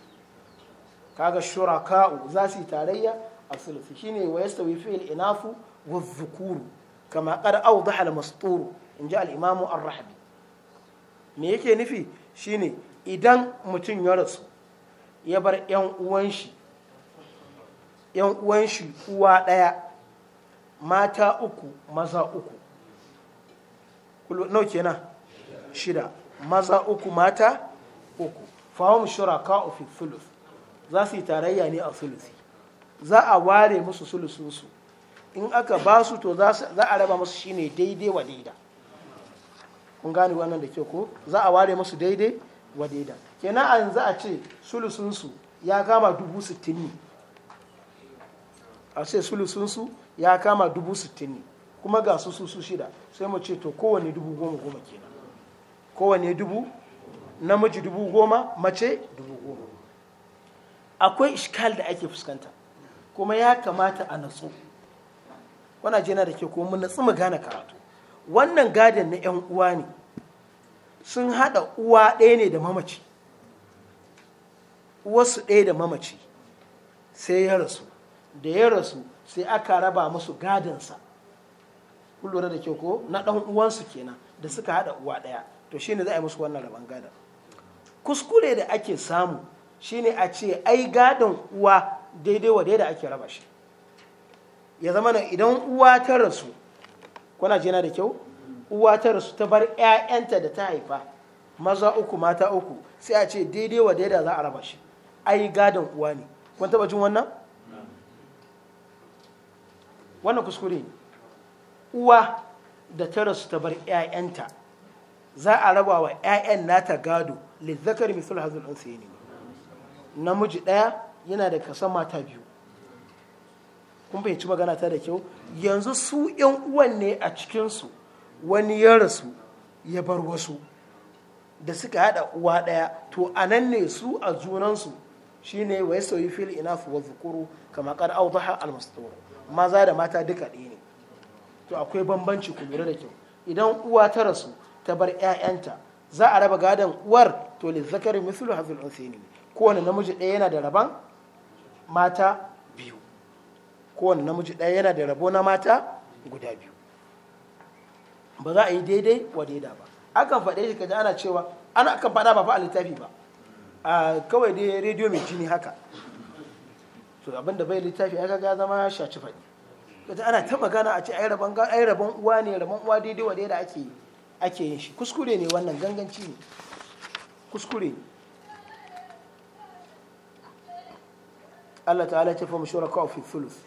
kaga shuraka'u za su yi tarayya a thuluth shine wa yastawi fi'il inafu wa dhukuru kama qad awdaha al-mastur in ji al-imamu ar me yake nufi shine idan mutum ya rasu ya bar yan uwan shi yan uwan shi uwa ɗaya mata uku maza uku nau kenan shida maza uku mata uku fahim shuraka fi thuluth za su yi tarayya ne a thuluthi za a ware musu sulusunsu in aka ba su to za a raba musu shine daidai wa daida kun gane wannan da ke ko za a ware musu daidai wa daida kenan a yanzu a ce sulusunsu ya gama dubu sittin ne a ce sulusunsu ya kama dubu sittin ne kuma ga su su shida sai mu ce to kowane dubu goma goma kenan kowane dubu namiji dubu goma mace dubu goma akwai iskal da ake fuskanta kuma ya kamata a natsu wana jina da ke kuma natsu mu gane karatu wannan gadon na 'yan uwa ne sun hada uwa ɗaya ne da mamaci uwarsu ɗaya da mamaci sai ya rasu da ya rasu sai aka raba musu gadansa kun lura da kyau ko na ɗan uwansu kenan da suka haɗa uwa ɗaya to shine za a yi musu wannan raban gadon. kuskure da ake samu shine a ce ai gadon uwa daidai wa daidai ake raba shi ya zama na idan uwa ta rasu kuna jina da kyau uwa ta rasu ta bar 'ya'yanta da ta haifa maza uku mata uku sai a ce daidai wa daidai za a raba shi ai gadon uwa ne kun taba jin wannan wannan kuskure uwa da ta rasu ta bar 'ya'yanta za a raba wa 'ya'yan nata gado lizzakar misal hazul unsayni namiji ɗaya yana da kasan mata biyu kun fahimci magana ta da kyau yanzu su 'yan uwan ne a cikinsu wani ya rasu ya bar wasu da suka haɗa uwa ɗaya to a nan ne su a junansu shine wa yasoyi fil ina fi wa zukuru kama kad audaha al-mastur maza da mata duka ɗaya ne to akwai bambanci ku lura da kyau idan uwa ta rasu ta bar 'ya'yanta za a raba gadon uwar to zakari mislu hazul unsaini kowane namiji ɗaya yana da rabon mata biyu kowane namiji ɗaya yana da rabo na mata guda biyu ba za a yi daidai wa daida ba akan faɗe shi kaji ana cewa ana akan faɗa ba fa a littafi ba a kawai dai rediyo mai jini haka to abinda bai littafi aka ga zama shaci faɗi kaji ana ta magana a ce ai rabon ai rabon uwa ne rabon uwa daidai wa daidai ake ake yin shi kuskure ne wannan ganganci ne kuskure ne Allah ta'ala ta fa mushraka fi thuluth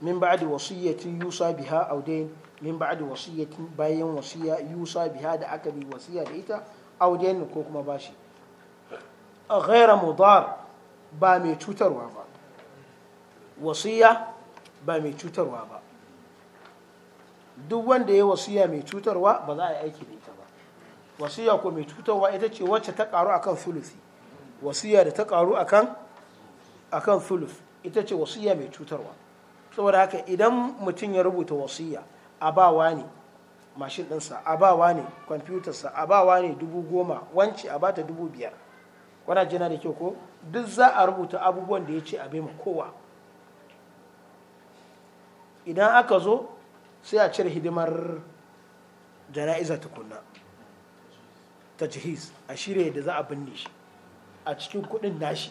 min ba'di wasiyatin yusa biha aw dayn min ba'di wasiyatin bayan wasiya yusa biha da aka bi wasiya da ita aw dayn ko kuma bashi ghayra mudar ba mai cutarwa ba wasiya ba mai cutarwa ba duk wanda ya wasiya mai cutarwa ba za a yi aiki da ita ba wasiya ko mai cutarwa ita ce wacce ta karu akan sulusi wasiya da ta karu akan akan sulus ita ce wasiya mai cutarwa saboda haka idan mutum ya rubuta wasiya a bawa ne mashin ɗinsa a bawa ne kwamfutarsa a bawa ne dubu goma wanci a bata dubu biyar wana jina da kyau ko duk za a rubuta abubuwan da ya ce a bai kowa idan aka zo sai a cire hidimar jana'iza tukunna ta jihis a shirya da za a binne shi a cikin kudin nashi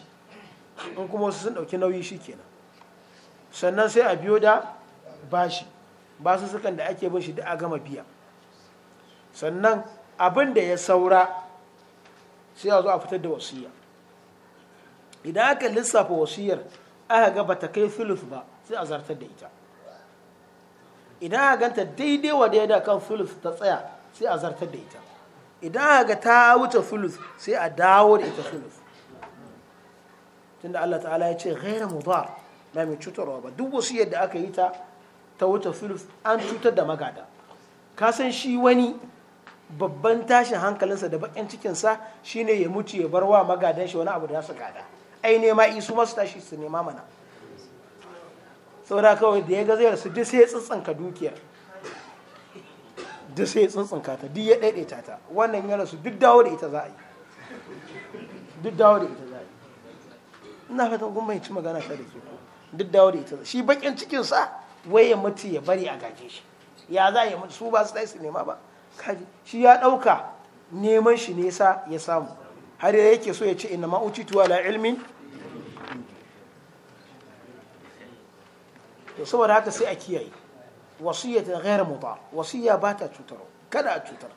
in kuma wasu sun dauki nauyi shi kenan sannan sai a biyo da bashi su sukan da ake bin shi da a gama biya sannan abin da ya saura sai a zo a fitar da wasiya idan aka lissafa wasiyar aka ga bata kai filif ba sai a zartar da ita idan a ganta daidai wa da kan fulus ta tsaya sai a zartar da ita idan a ga ta wuce fulus sai a dawo da ita fulus da Allah ta'ala ya ce ghaira muba ba mai cutarwa ba duk wasu yadda aka yi ta ta wuce fulus an cutar da magada ka san shi wani babban tashin hankalinsa da bakin cikinsa shine ya mutu ya bar wa magadan shi wani abu da su gada ai nema isu masu tashi su nema mana saboda kawai da ya ga zai rasu duk sai ya ka dukiya duk sai ya ka ta duk ya daidaita ta wannan ya rasu duk dawo da ita za a yi duk dawo da ita za a yi ina fatan kun ci magana ta da ke ko duk dawo da ita yi shi bakin cikin sa wai ya mutu ya bari a gaje shi ya za a yi mutu su ba su ɗaisu nema ba kaji shi ya dauka neman shi nesa ya samu har yake so ya ce ina ma uci tuwa la ilmin to saboda haka sai a kiyaye wasiyya ta ghayr mutar wasiyya ba ta cutar kada a cutar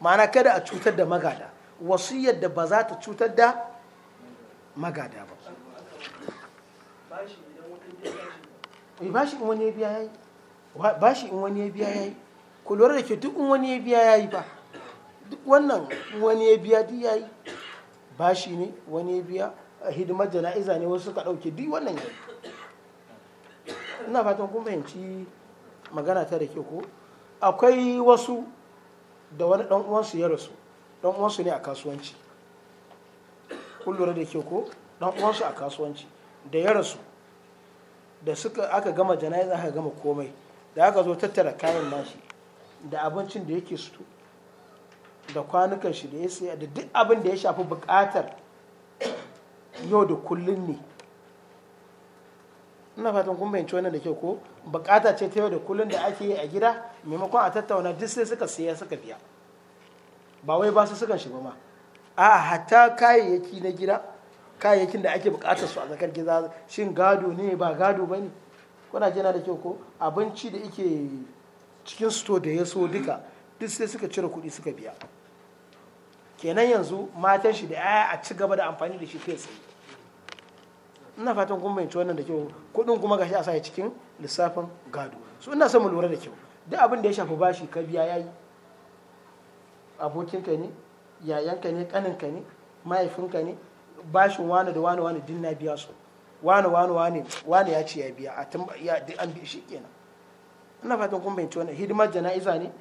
ma'ana kada a cutar da magada wasiyyar da ba za ta cutar da magada ba eh, bashi in wani ya biya yayi bashi in wani ya biya yayi ku lura da ke duk in wani ya biya yayi ba duk wannan wani ya biya duk yayi bashi ne wani ya biya hidimar jana'iza ne wasu suka dauke duk wannan yayi ina fatan kun fahimci magana ta da ke ko akwai wasu da wani dan uwansu ya rasu dan uwansu ne a kasuwanci kun lura da ke ko dan uwansu a kasuwanci da ya rasu da suka aka gama jana'iza aka gama komai da aka zo tattara kayan nashi da abincin da yake suto da kwanukan shi da ya saya da duk abin da ya shafi bukatar yau da kullum ne ina fatan kun bayanci wannan da ke ko bukata ce ta yau da kullun da ake yi a gida maimakon a tattauna duk sai suka siya suka biya ba wai ba su sukan shiga ma a hatta kayayyaki na gida kayayyakin da ake bukatar su a zakar gida shin gado ne ba gado ba ne kuna jina da ke ko abinci da ike cikin sto da ya so duka duk sai suka cire kuɗi suka biya kenan yanzu matan shi da 'ya'ya a ci gaba da amfani da shi kai tsaye ina fatan kun bayanci wannan da kyau kuɗin kuma gashi a sa cikin lissafin gado so ina son mu lura da kyau duk abin da ya shafi bashi ka biya yayi ka ne yayanka ne ka ne mahaifinka ne bashin wani da wani wani din na biya su wani wani wani wani ya ce ya biya a tun ya duk an biya shi kenan ina fatan kun bayanci wannan hidimar jana'iza ne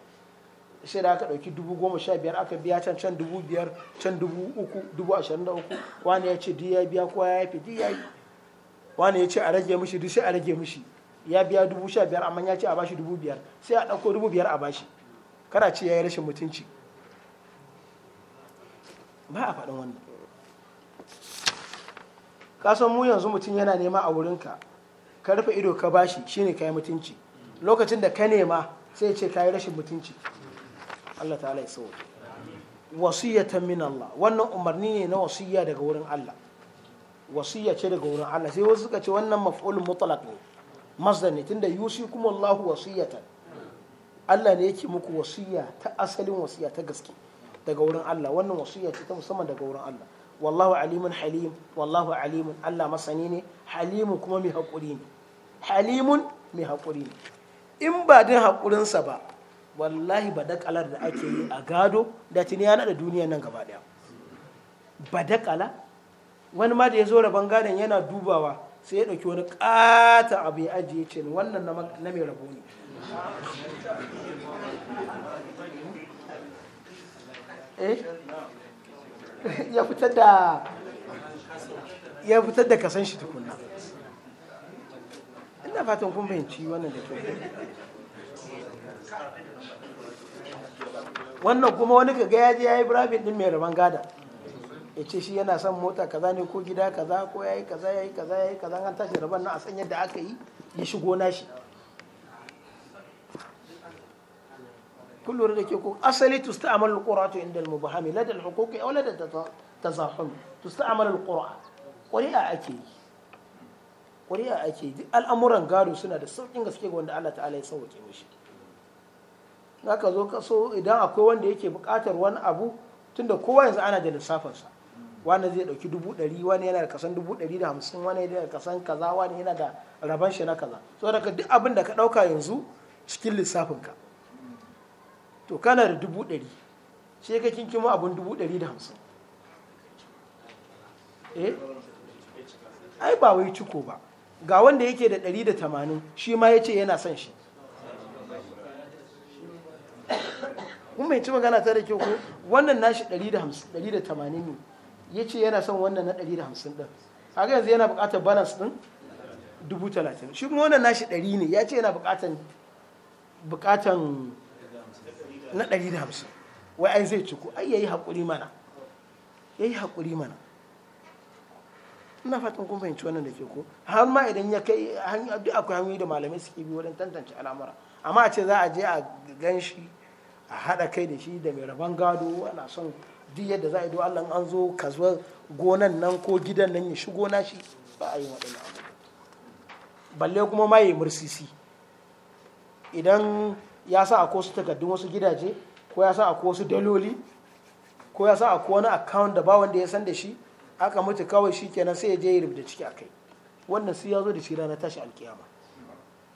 sai da aka ɗauki dubu goma sha biyar aka biya can can dubu biyar can dubu uku dubu ashirin da uku wani ya ce duk ya biya kowa ya yafe duk ya yi wani ya ce a rage mishi duk sai a rage mishi ya biya dubu sha biyar amma ya ce a bashi dubu biyar sai a ɗauko dubu biyar a bashi kara ce ya yi rashin mutunci ba a faɗin wannan kasan mu yanzu mutum yana nema a wurinka ka rufe ido ka bashi shine ka yi mutunci lokacin da ka nema sai ce ka yi rashin mutunci Allah ta'ala ya sauke wasiyatan min Allah wannan umarni ne na wasiyya daga wurin Allah wasiya ce daga wurin Allah sai wasu suka ce wannan maf'ul mutlaq ne masdar ne tunda yusikum Allahu wasiyata Allah ne yake muku wasiya ta asalin wasiya ta gaske daga wurin Allah wannan wasiya ce ta musamman daga wurin Allah wallahu alimun halim wallahu alimun Allah masani ne halimun kuma mai haƙuri ne halimun mai hakuri ne in ba din haƙurinsa ba wallahi ba kalar da ake yi a gado da tuni na da duniya nan gaba daya ba wani ma da ya zo rabon gadon yana dubawa sai ya ɗauki wani ƙata abu ya ajiye ce wannan na mai rabo ne eh? ya fitar da kasan shi tukuna ina fatan kun fahimci wannan da kyau wannan kuma wani kaga ya je ya yi birabin din mai rabon gada ya ce shi yana son mota kaza ne ko gida kaza ko ya yi kaza ya yi kaza ya yi kaza an tashi rabon nan a san yadda aka yi ya shigo gona kun lura da ke ko asali tusta'amalu to inda almubahami ladal huquqi aw ladal tazahum tusta'amalu alqur'a qur'a ake yi qur'a ake yi al'amuran gado suna da saukin gaske ga wanda Allah ta'ala ya sauke mishi naka zo ka so idan akwai wanda yake buƙatar wani abu tunda kowa yanzu ana da lissafinsa wani zai ɗauki dubu dari wani yana da kasan dubu dari da hamsin wani yana da kasan kaza wani yana da rabon shi na kaza so ka duk abin da ka ɗauka yanzu cikin lissafinka to kana da dubu dari shi ka kinkimo abin dubu dari da hamsin eh ai ba wai ciko ba ga wanda yake da dari da tamanin shi ma ya ce yana son shi kuma bai ci magana ta da kyau ko wannan nashi dari da hamsin dari da tamanin ne ya ce yana son wannan na 150 din kaga yanzu yana buƙatar balance din 30,000 shi kuma wannan nashi 100 ne ya ce yana buƙatar buƙatan na 150 wai ai zai ciku ai yayi haƙuri mana yayi haƙuri mana ina fatan kun fahimci wannan da ke ko har ma idan ya kai duk akwai hanyoyi da malamai suke bi wajen tantance al'amura amma a ce za a je a gan shi a haɗa kai da shi da mai rabon gado ana son duk yadda za a yi Allah an zo kasuwar gonan nan ko gidan nan ya shigo na shi ba a yi waɗannan abu balle kuma ma yi mursisi idan ya sa a kosu takardun wasu gidaje ko ya sa a wasu daloli ko ya sa a wani account da ba wanda ya san da shi aka mutu kawai shi kenan sai ya je ya rubuta ciki a kai wannan sai ya zo da shi ranar tashi alkiyama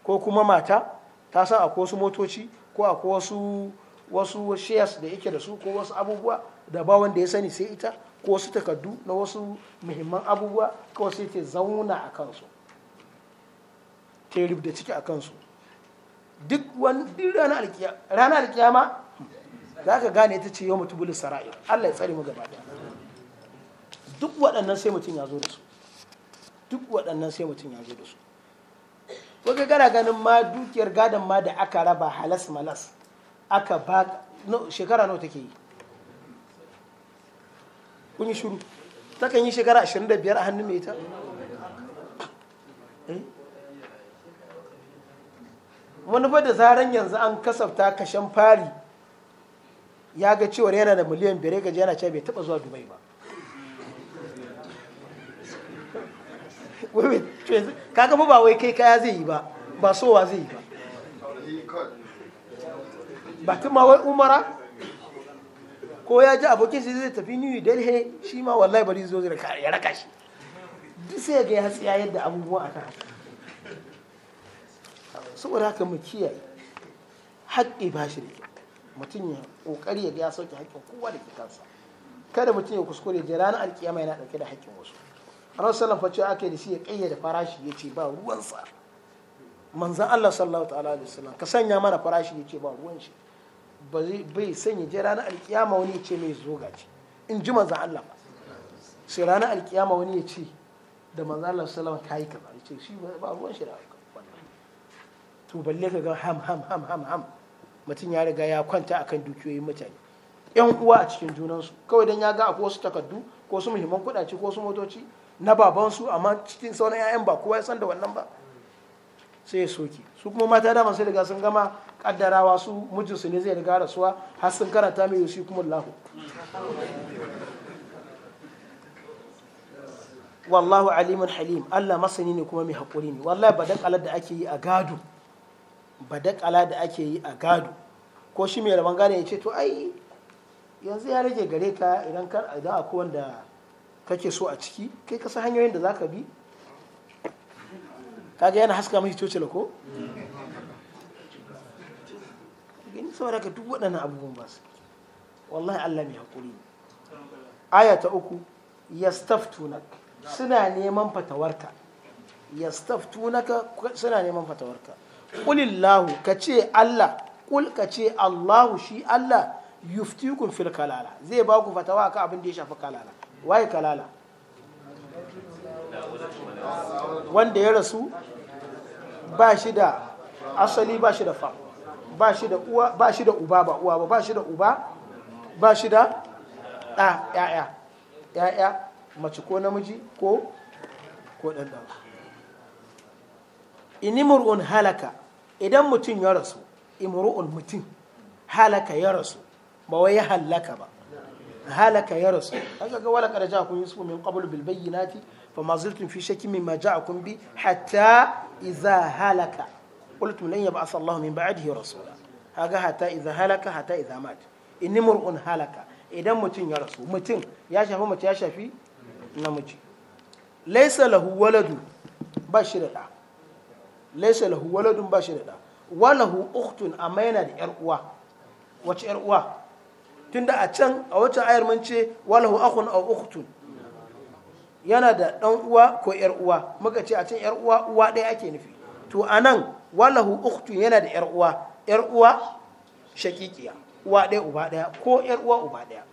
ko kuma mata ta san a wasu motoci ko a wasu wasu shares da yake da su ko wasu abubuwa da ba wanda ya sani sai ita ko wasu takardu na wasu muhimman abubuwa ko sai ta zauna a kansu ta yi rubuta ciki a kansu duk wani ranar alkiyama za ka gane ta ce yau mutu bulu sara'i allah ya tsare mu gaba duk waɗannan sai mutum ya zo da su duk waɗannan sai mutum ya zo da su kuka gana ganin ma dukiyar gadon ma da aka raba halas malas aka ba shekara nawa take yi kun yi shuru ta kan yi shekara 25 a hannun mai eh? wani manufar da zaren yanzu an kasafta kashen fari ya ga cewar yana da miliyan biyar gaji yana cewa bai taba zuwa dubai ba kaga ba wai kai kaya zai yi ba ba sowa zai yi ba ba tuma wai umara ko ya ji abokin shi zai tafi new delhi shi ma wallahi bari zo ya raka shi duk sai ga ya tsaya yadda abubuwa akan haka saboda haka mu kiyaye haƙƙi ba shi da mutum ya ƙoƙari ya ga ya sauke haƙƙin kowa da ke kansa kada mutum ya kuskure je ranar alkiyama yana ɗauke da haƙƙin wasu ranar sallan fa cewa aka yi da shi ya ƙayyade farashi ya ce ba ruwansa manzan allah sallallahu ta'ala alaihi wasallam ka sanya mana farashi ya ce ba ruwan shi bai sanya je ranar alkiyama wani ya ce mai zo gaci in ji manzan Allah sai ranar alkiyama wani ya ce da manzan Allah salama ka yi kaza ya ce shi ba ruwan shi da to balle ka ga ham ham ham ham ham mutum ya riga ya kwanta akan dukiyoyin mutane yan uwa a cikin junansu kawai dan ya ga akwai wasu takardu ko su muhimman kudaci ko su motoci na babansu amma cikin sauran 'ya'yan ba kowa ya san da wannan ba sai ya soke su kuma mata dama sai riga sun gama kaddarawa su mijinsu ne zai riga rasuwa har sun karanta mai yusi kuma lahu wallahu alimun halim allah masani ne kuma mai haƙuri ne wallahi kala da ake yi a gado badakala da ake yi a gado ko shi mai rabon gane ya ce to ai yanzu ya rage gare ka idan akwai wanda kake so a ciki kai kasa hanyoyin da za ka bi kaga yana haska mashi cocila ko gani saboda ka duk waɗannan abubuwan ba su wallahi Allah haƙuri aya ta uku yastaftunak suna neman fatawarka suna neman fatawarka qulillahu ka ce Allah ka ce Allahu shi Allah yuftikum fil kalala zai ba ku fatawa ka abin da ya shafi kalala waye kalala wanda ya rasu ba shi da asali ba shi da fa ba shi da uwa ba shi da uba ba uwa ba ba shi da uba ba shi da ɗa ya'ya ya'ya mace ko namiji ko ko ɗanɗan inimur'un halaka idan mutum ya rasu imur'un mutum halaka ya rasu ba wai ya halaka ba halaka ya rasu an ga wala kada ja ku yusufu min qablu bil bayyinati فما زلتم في شك مما جاءكم به حتى إذا هلك قلتم لن يبعث الله من بعده رسولا هذا حتى إذا هلك حتى إذا مات إن امرؤ هلك إذا متن يا رسول متن يا شافي متن يا شافي نمجي ليس له ولد بشر الله ليس له ولد بشر الله وله أخت أمانة إرقوا وش إرقوا tunda a can a wata ayar mun ce walahu akhun aw ukhtun yana da ɗan uwa ko ‘yar uwa muka ce a can ‘yar uwa uwa ɗaya ake nufi to a nan walahu uktu yana da ‘yar uwa ‘yar uwa shakikiya uwa ɗaya uba ɗaya ko ‘yar uwa uba ɗaya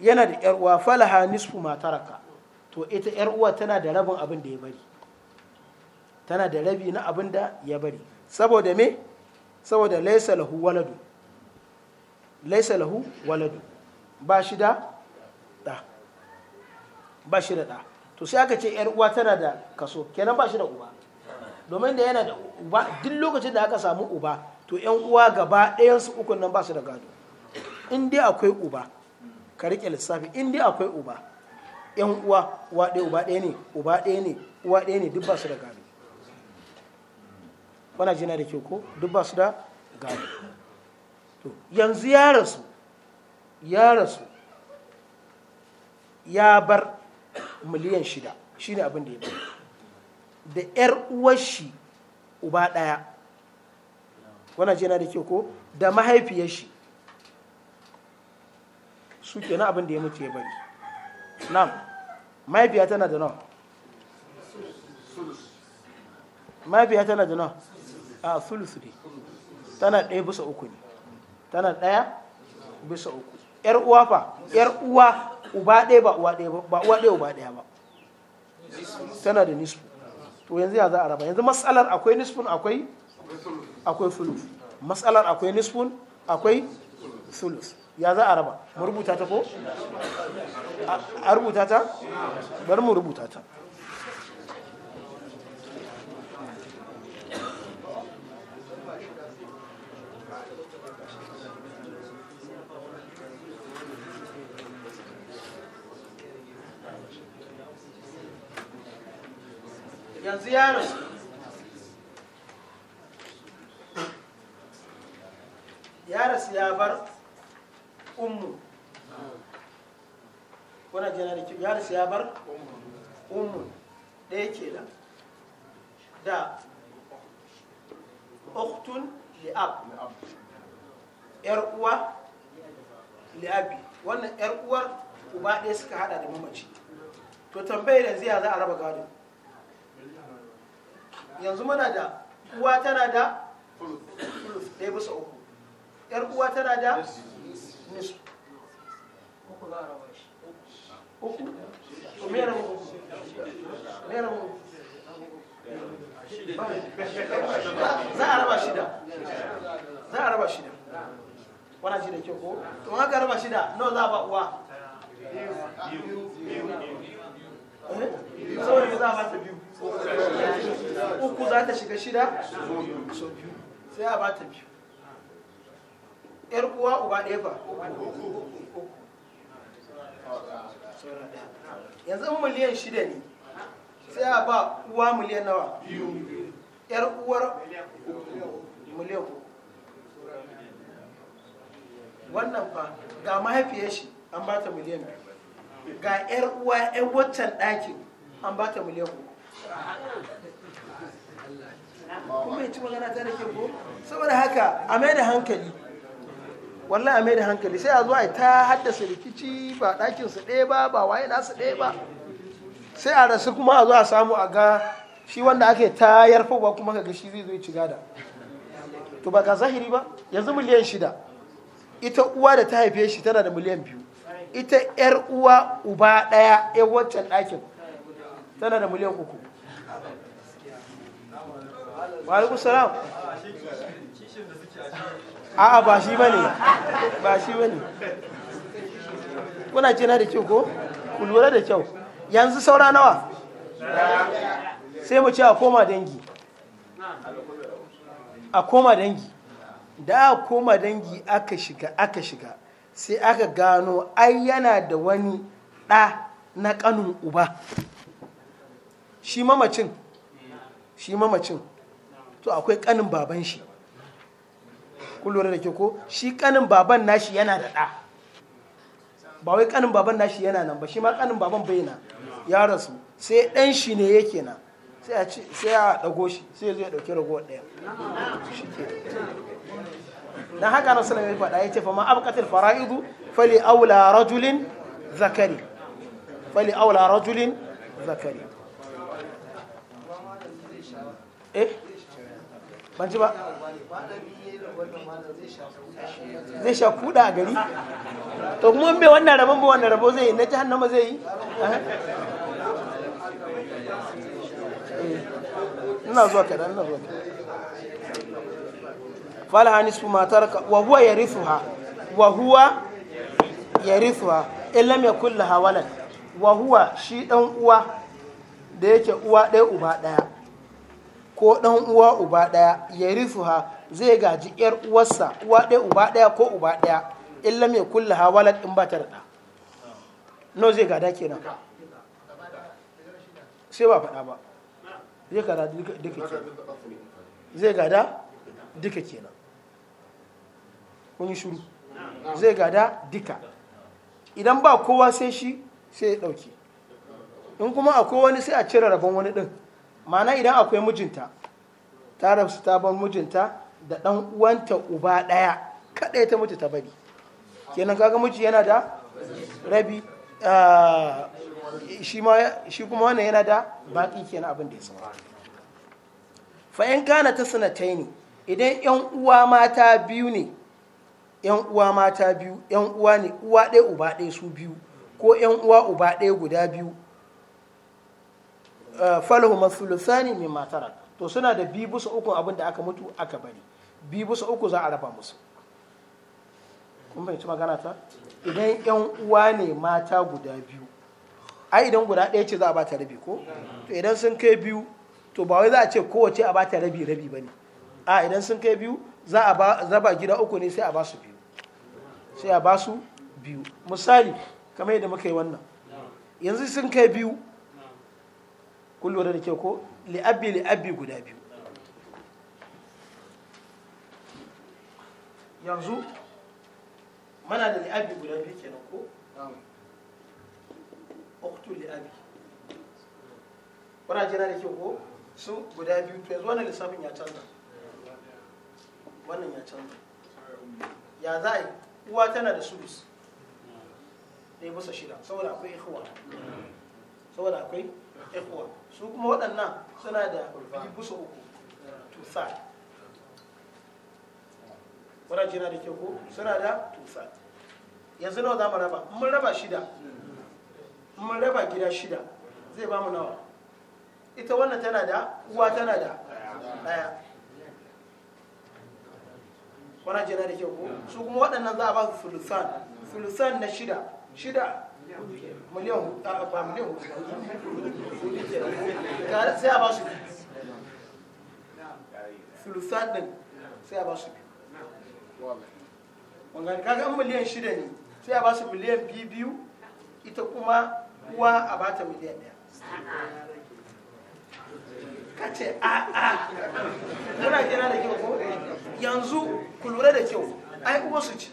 yana da ‘yar uwa falaha nisfu mataraka to ita ‘yar uwa tana da rabin abin da ya bari tana da rabi na abin da ya bari saboda me saboda laisa lahu waladu laisa lahu waladu ba shi da ba shi da ɗa to sai aka ce yar uwa tana da kaso kenan ba shi da uba domin da yana da uba duk lokacin da aka samu uba to yan uwa gaba ɗayan su ukun nan ba su da gado in dai akwai uba ka rike lissafi in dai akwai uba yan uwa uwa ɗaya uba ɗaya ne uba ɗaya ne uwa ɗaya ne duk ba su da gado wana jina da ke ko duk ba su da gado to yanzu ya rasu ya rasu ya bar miliyan shida shi ne abin da ya bari da 'yar uwarshi uba ɗaya wana jena da ke ko da mahaifiyar shi su ke na abin da ya mutu ya bari nan mahaifiya tana da nan mahaifiya tana da nan a sulusu ne tana ɗaya bisa uku ne tana ɗaya bisa uku 'yar uwa fa 'yar uwa uba ɗaya ba uwa ɗaya ba uwa ɗaya uba ɗaya ba tana da nisfu to yanzu ya za a raba yanzu matsalar akwai nisfun akwai akwai sulus matsalar akwai nisfun akwai sulus ya za a raba mu rubuta ta ko a rubuta ta bari mu rubuta ta yanzu ya ya bar ummu wannan jana da kyau ya ya bar ummu ɗaya ke da da oktun li'ab yar uwa li'abi wannan yar uwar uba ɗaya suka hada da mamaci to tambayi da ziya za a raba gado yanzu mana da uwa tana da fulus ɗaya bisa uku yar uwa tana da nisu uku mera mu za a raba shida za a raba shida wana ji da kyau ko to raba shida za a ba uwa biyu eh? uku za ta shiga shida so biyu sai a ba ta biyu yar uwa uba ɗaya fa yanzu miliyan shida ne sai a ba uwa miliyan nawa biyu yar uwar miliyan uku wannan fa ga mahaifiyar shi an ba ta miliyan biyu ga yar uwa yan waccan ɗakin an ba ta miliyan uku kuma magana ta ko saboda haka a mai da hankali wallan a mai da hankali sai a zuwa a ta haddasa rikici ba ɗakinsu ɗaya ba ba waye nasu ɗaya ba sai a rasu kuma a zuwa samu a ga shi wanda ake ta ba kuma ka ga shi zai zo ya ci gada to ba ga zahiri ba yanzu miliyan shida ita uwa da ta haife shi tana da miliyan biyu ita yar uwa uba ɗaya ya waccan ɗakin tana da miliyan uku wa alaikum salam a'a ba shi bane ba shi bane kuna jina da kyau ko ku lura da kyau yanzu saura nawa sai mu ce a koma dangi a koma dangi da a koma dangi aka shiga aka shiga sai aka gano ai yana da wani ɗa na ƙanin uba shi mamacin shi mamacin to akwai kanin baban shi kullure da ke ko shi kanin baban nashi yana da ɗa ba wai kanin baban nashi yana nan ba shi ma kanin baban bai na ya rasu sai ɗan shi ne yake na sai a ce sai a ɗago shi sai zai ɗauki ragowar ɗaya don haka na sallama faɗa ya ce fama abkatar fara'idu fali aula rajulin zakari fali aula rajulin zakari eh ban ji ba zai sha kuda a gari to kuma bai wannan rabon ba wannan rabo zai yi na jahannama zai yi eh. ina zuwa dan ina zuwa fala hanis ma taraka wa huwa yarithuha wa huwa yarithuha in lam kulla laha walad wa huwa shi dan uwa da yake uwa ɗaya uba ɗaya ko ɗan uwa uba ɗaya ya ha zai gaji ‘yar uwarsa uwa ɗaya uba ɗaya ko uba ɗaya illa mai kulla ha hawalat in ba ta da ɗa no zai gada kenan sai ba faɗa ba zai gada duka kenan zai gada duka kenan kun yi shuru zai gada duka idan ba kowa sai shi sai ya ɗauke in kuma akwai wani sai a cire rabon wani ɗin ma'ana idan akwai mijinta ta rasu ta bar mijinta da dan uwanta uba daya kada ta mutu ta bari kenan kaga miji yana da rabi shi kuma wannan yana da baki kenan abin da ya saura in kana ta sanatai ne idan ‘yan uwa mata biyu ne ‘yan uwa mata biyu ‘yan uwa ne uwa ɗaya uba ɗaya su biyu ko ‘yan uwa uba ɗaya guda biyu falahu masulusani min matara to suna da bi bisa uku abin da aka mutu aka bari bi bisa uku za a raba musu kun bai ci magana ta idan yan uwa ne mata guda biyu ai idan guda ɗaya ce za a bata rabi ko to idan sun kai biyu to ba wai za a ce kowace a bata rabi rabi ba ne a idan sun kai biyu za a raba gida uku ne sai a ba su biyu sai a ba su biyu misali kamar yadda muka yi wannan yanzu sun kai biyu kun lura da ke ko li'abbi li'abbi guda biyu yanzu mana da li'abbi guda biyu kenan ko oktu li'abbi wana jira da ke ko su guda biyu to yanzu wannan lissafin ya canza wannan ya canza ya za a yi uwa tana da sulus ɗaya busa shida saboda akwai ikhwa saboda akwai ikhwa su kuma waɗannan suna da biyu bisa uku tusa wadda jina da ke suna da tusa yanzu nawa za mu raba mun raba shida mun raba gida shida zai ba mu nawa ita wannan tana da uwa tana da ɗaya wadda jina da ke su kuma waɗannan za a ba su sulusan sulusan na shida shida miliyan ba miliyan hudu kare sai a ba shi sulusan din sai a ba shi wangan miliyan shida ne sai a ba shi miliyan biyu ita kuma uwa a ba ta miliyan ɗaya a a muna kira da kyau ko yanzu ku lura da kyau ai uwa su ci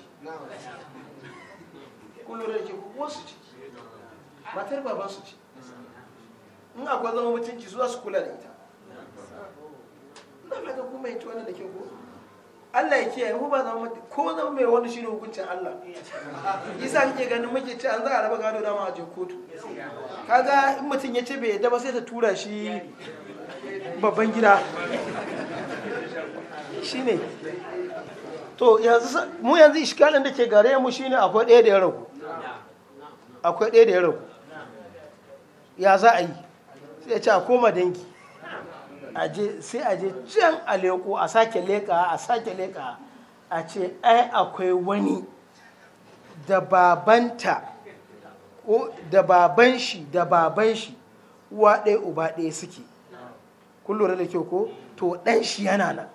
ku lura da kyau uwa su ci matar baban su ci in akwai zama mutunci su za su kula da ita na fata kuma yanci wannan da ke ko Allah ya kiyaye mu ba zama ko zama mai wani ne hukuncin Allah yasa kike ganin muke ci an za a raba gado dama a jin kotu kaga in mutum ya ce bai yadda ba sai ta tura shi babban gida ne to yanzu mu yanzu iskalin da ke gare mu shine akwai ɗaya da ya ragu akwai ɗaya da ya ragu ya za a yi sai ce a koma dangi sai a je can a leko a sake leka a sake leka a ce ai akwai wani da babanta da baban shi da baban shi uwa ɗaya uba ɗaya suke kun da kyau ko to ɗan shi yana nan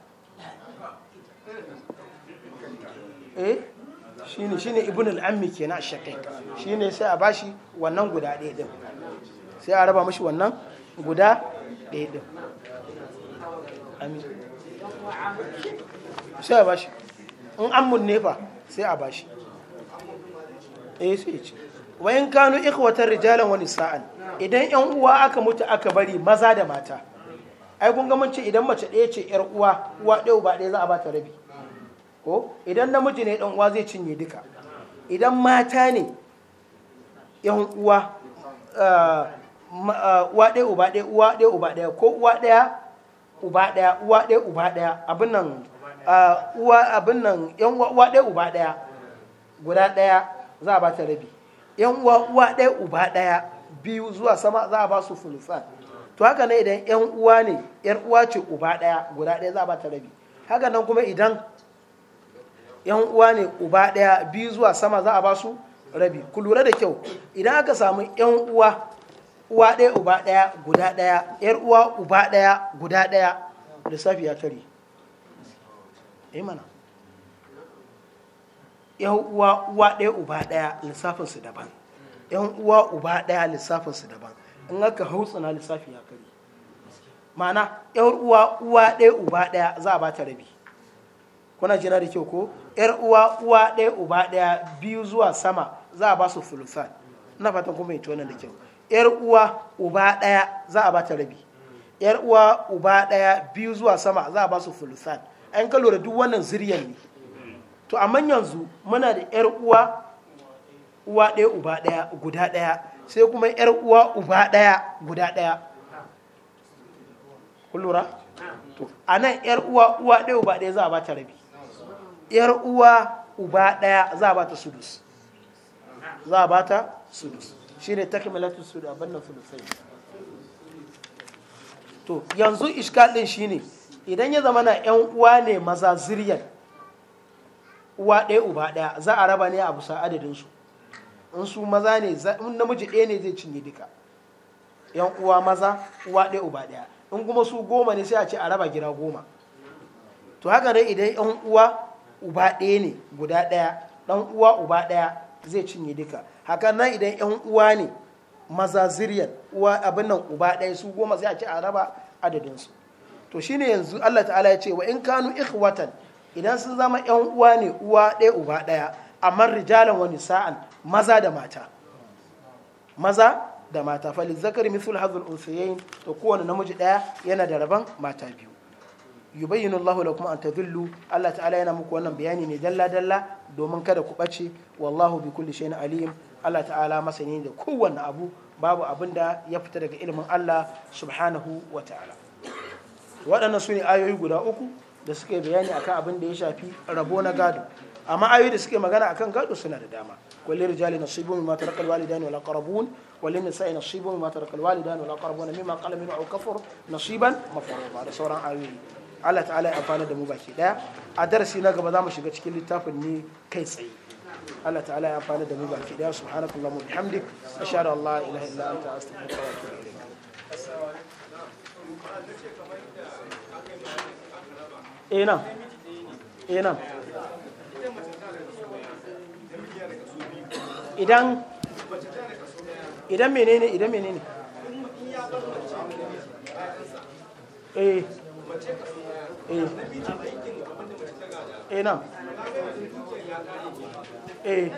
eh shine shine ibn al-ammi kenan shaqiq shine sai a bashi wannan guda ɗaya din sai a raba mashi wannan guda ɗaya ɗin amin sai a bashi in an munne fa sai a bashi eh sai ce wa in kanu ikwatar rijalan wani sa'an idan yan uwa aka mutu aka bari maza da mata ai kun ga mun ce idan mace ɗaya ce yar uwa uwa ɗaya ba ɗaya za a bata rabi ko idan namiji ne ɗan uwa zai cinye duka idan mata ne yan uwa ah, uwa ɗaya uba ɗaya uwa ɗaya uba ɗaya ko uwa ɗaya uba ɗaya uwa ɗaya uba ɗaya abin nan uwa abin nan yan uwa ɗaya uba ɗaya guda ɗaya za a ba ta rabi yan uwa uwa ɗaya uba ɗaya biyu zuwa sama za a ba su fulusan to haka ne idan yan uwa ne yan uwa ce uba ɗaya guda ɗaya za a ba ta rabi haka nan kuma idan yan uwa ne uba ɗaya biyu zuwa sama za a ba su rabi ku lura da kyau idan aka samu yan uwa uwa ɗaya uba ɗaya guda ɗaya yar uwa uba ɗaya guda ɗaya lissafi ya kare yi eh mana yan uwa uwa ɗaya uba ɗaya lissafinsu daban yan uwa uba ɗaya lissafinsu daban in aka hautsana lissafi ya kari. mana yar uwa uwa ɗaya uba ɗaya za a ba ta rabi kuna jira da kyau ko yar uwa uwa ɗaya uba ɗaya biyu zuwa sama za a ba su fulufan ina fatan kuma yi wannan da kyau yar uwa uba daya za a bata rabi yar uwa uba daya biyu zuwa sama za a ba su fulusan an ka lura duk wannan zuriyan ne to amma yanzu muna da yar uwa uwa daya uba daya guda daya sai kuma yar uwa uba daya guda daya kullura to a nan yar uwa uwa daya uba daya za a bata rabi yar uwa uba daya za a bata sudus za a bata sudus shine takmilatu sud abanna sulusai to yanzu iskal din shine idan ya zama na yan uwa ne maza ziryar uwa ɗaya uba ɗaya za a raba ne a bisa adadin su in su maza ne in namiji ɗaya ne zai cinye duka yan uwa maza uwa ɗaya uba ɗaya in kuma su goma ne sai a ce a raba gida goma to haka dai idan yan uwa uba ɗaya ne guda ɗaya ɗan uwa uba ɗaya zai cinye duka haka nan idan yan uwa ne maza ziryan uwa abin nan uba ɗaya su goma sai a ci a raba adadinsu to shine yanzu Allah ta'ala ya ce wa in kanu ikhwatan idan sun zama yan uwa ne uwa ɗaya uba ɗaya amma rijalan wani sa'an maza da mata maza da mata falin zakar mithul hazul unsayayin to kowane namiji ɗaya yana da rabon mata biyu yubayyinu Allahu lakum an tadhillu Allah ta'ala yana muku wannan bayani ne dalla dalla domin kada ku bace wallahu bi kulli shay'in alim Allah ta'ala masani da kowanne abu babu abin da ya fita daga ilimin Allah subhanahu wa ta'ala waɗannan su ne ayoyi guda uku da suke bayani akan abin da ya shafi rabo na gado amma ayoyi da suke magana akan gado suna da dama kulli rijali nasibu mimma taraka alwalidani wal aqrabun wal nisa'i nasibu mimma taraka alwalidani wal aqrabun mimma qala minhu aw kafur nasiban mafruḍa da sauran ayoyi Allah ta'ala ya amfana da mu baki daya a darasi na gaba za mu shiga cikin littafin ne kai tsaye Allah ta'ala ya amfana da mu baki daya subhanakallah wa bihamdik ashhadu an la ilaha illa anta astaghfiruka wa atubu ilayk eh nan eh idan idan menene idan menene eh Eh. Eh, eh.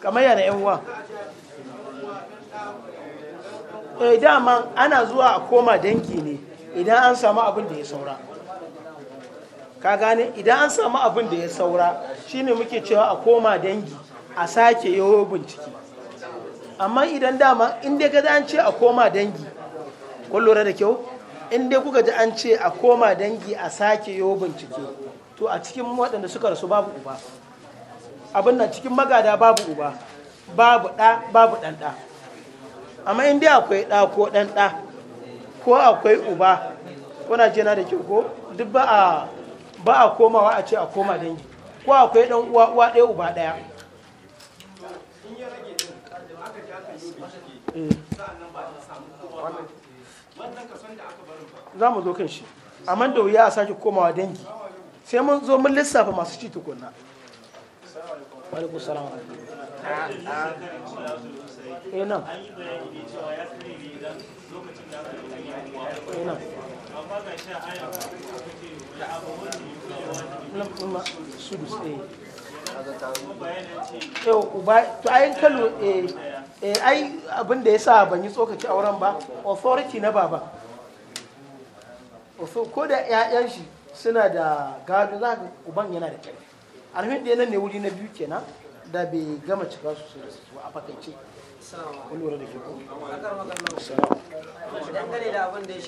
kamar yana yan dama ana zuwa a koma danki ne idan an samu abin da ya saura ka gane idan an samu abin da ya saura shi ne muke cewa a koma dangi a sake yawo bincike amma idan dama inda ka an ce a koma dangi kwallo da kyau in dai kuka ji an ce a koma dangi a sake yau bincike to a cikin waɗanda suka rasu babu uba abin nan cikin magada babu uba babu ɗa babu ɗanɗa amma in dai akwai ɗa ko ɗanɗa ko akwai uba kuna ce na da kyau ko duk ba a ba a komawa a ce a koma dangi ko akwai ɗan uwa uwa ɗaya uba ɗaya eh. wannan kason da aka za mu zo kan shi amma da wuya a sake komawa dangi sai mun zo mun lissafa masu ci tukunna eh, eh, ai abin da ban yi tsokaci auren ba authority na baba ko da 'ya'yan shi suna da gado za ga uban yana da kyau alhamdu yana ne wuri na biyu kenan da bai gama cika su su a fakaice kun da ke ko da abin da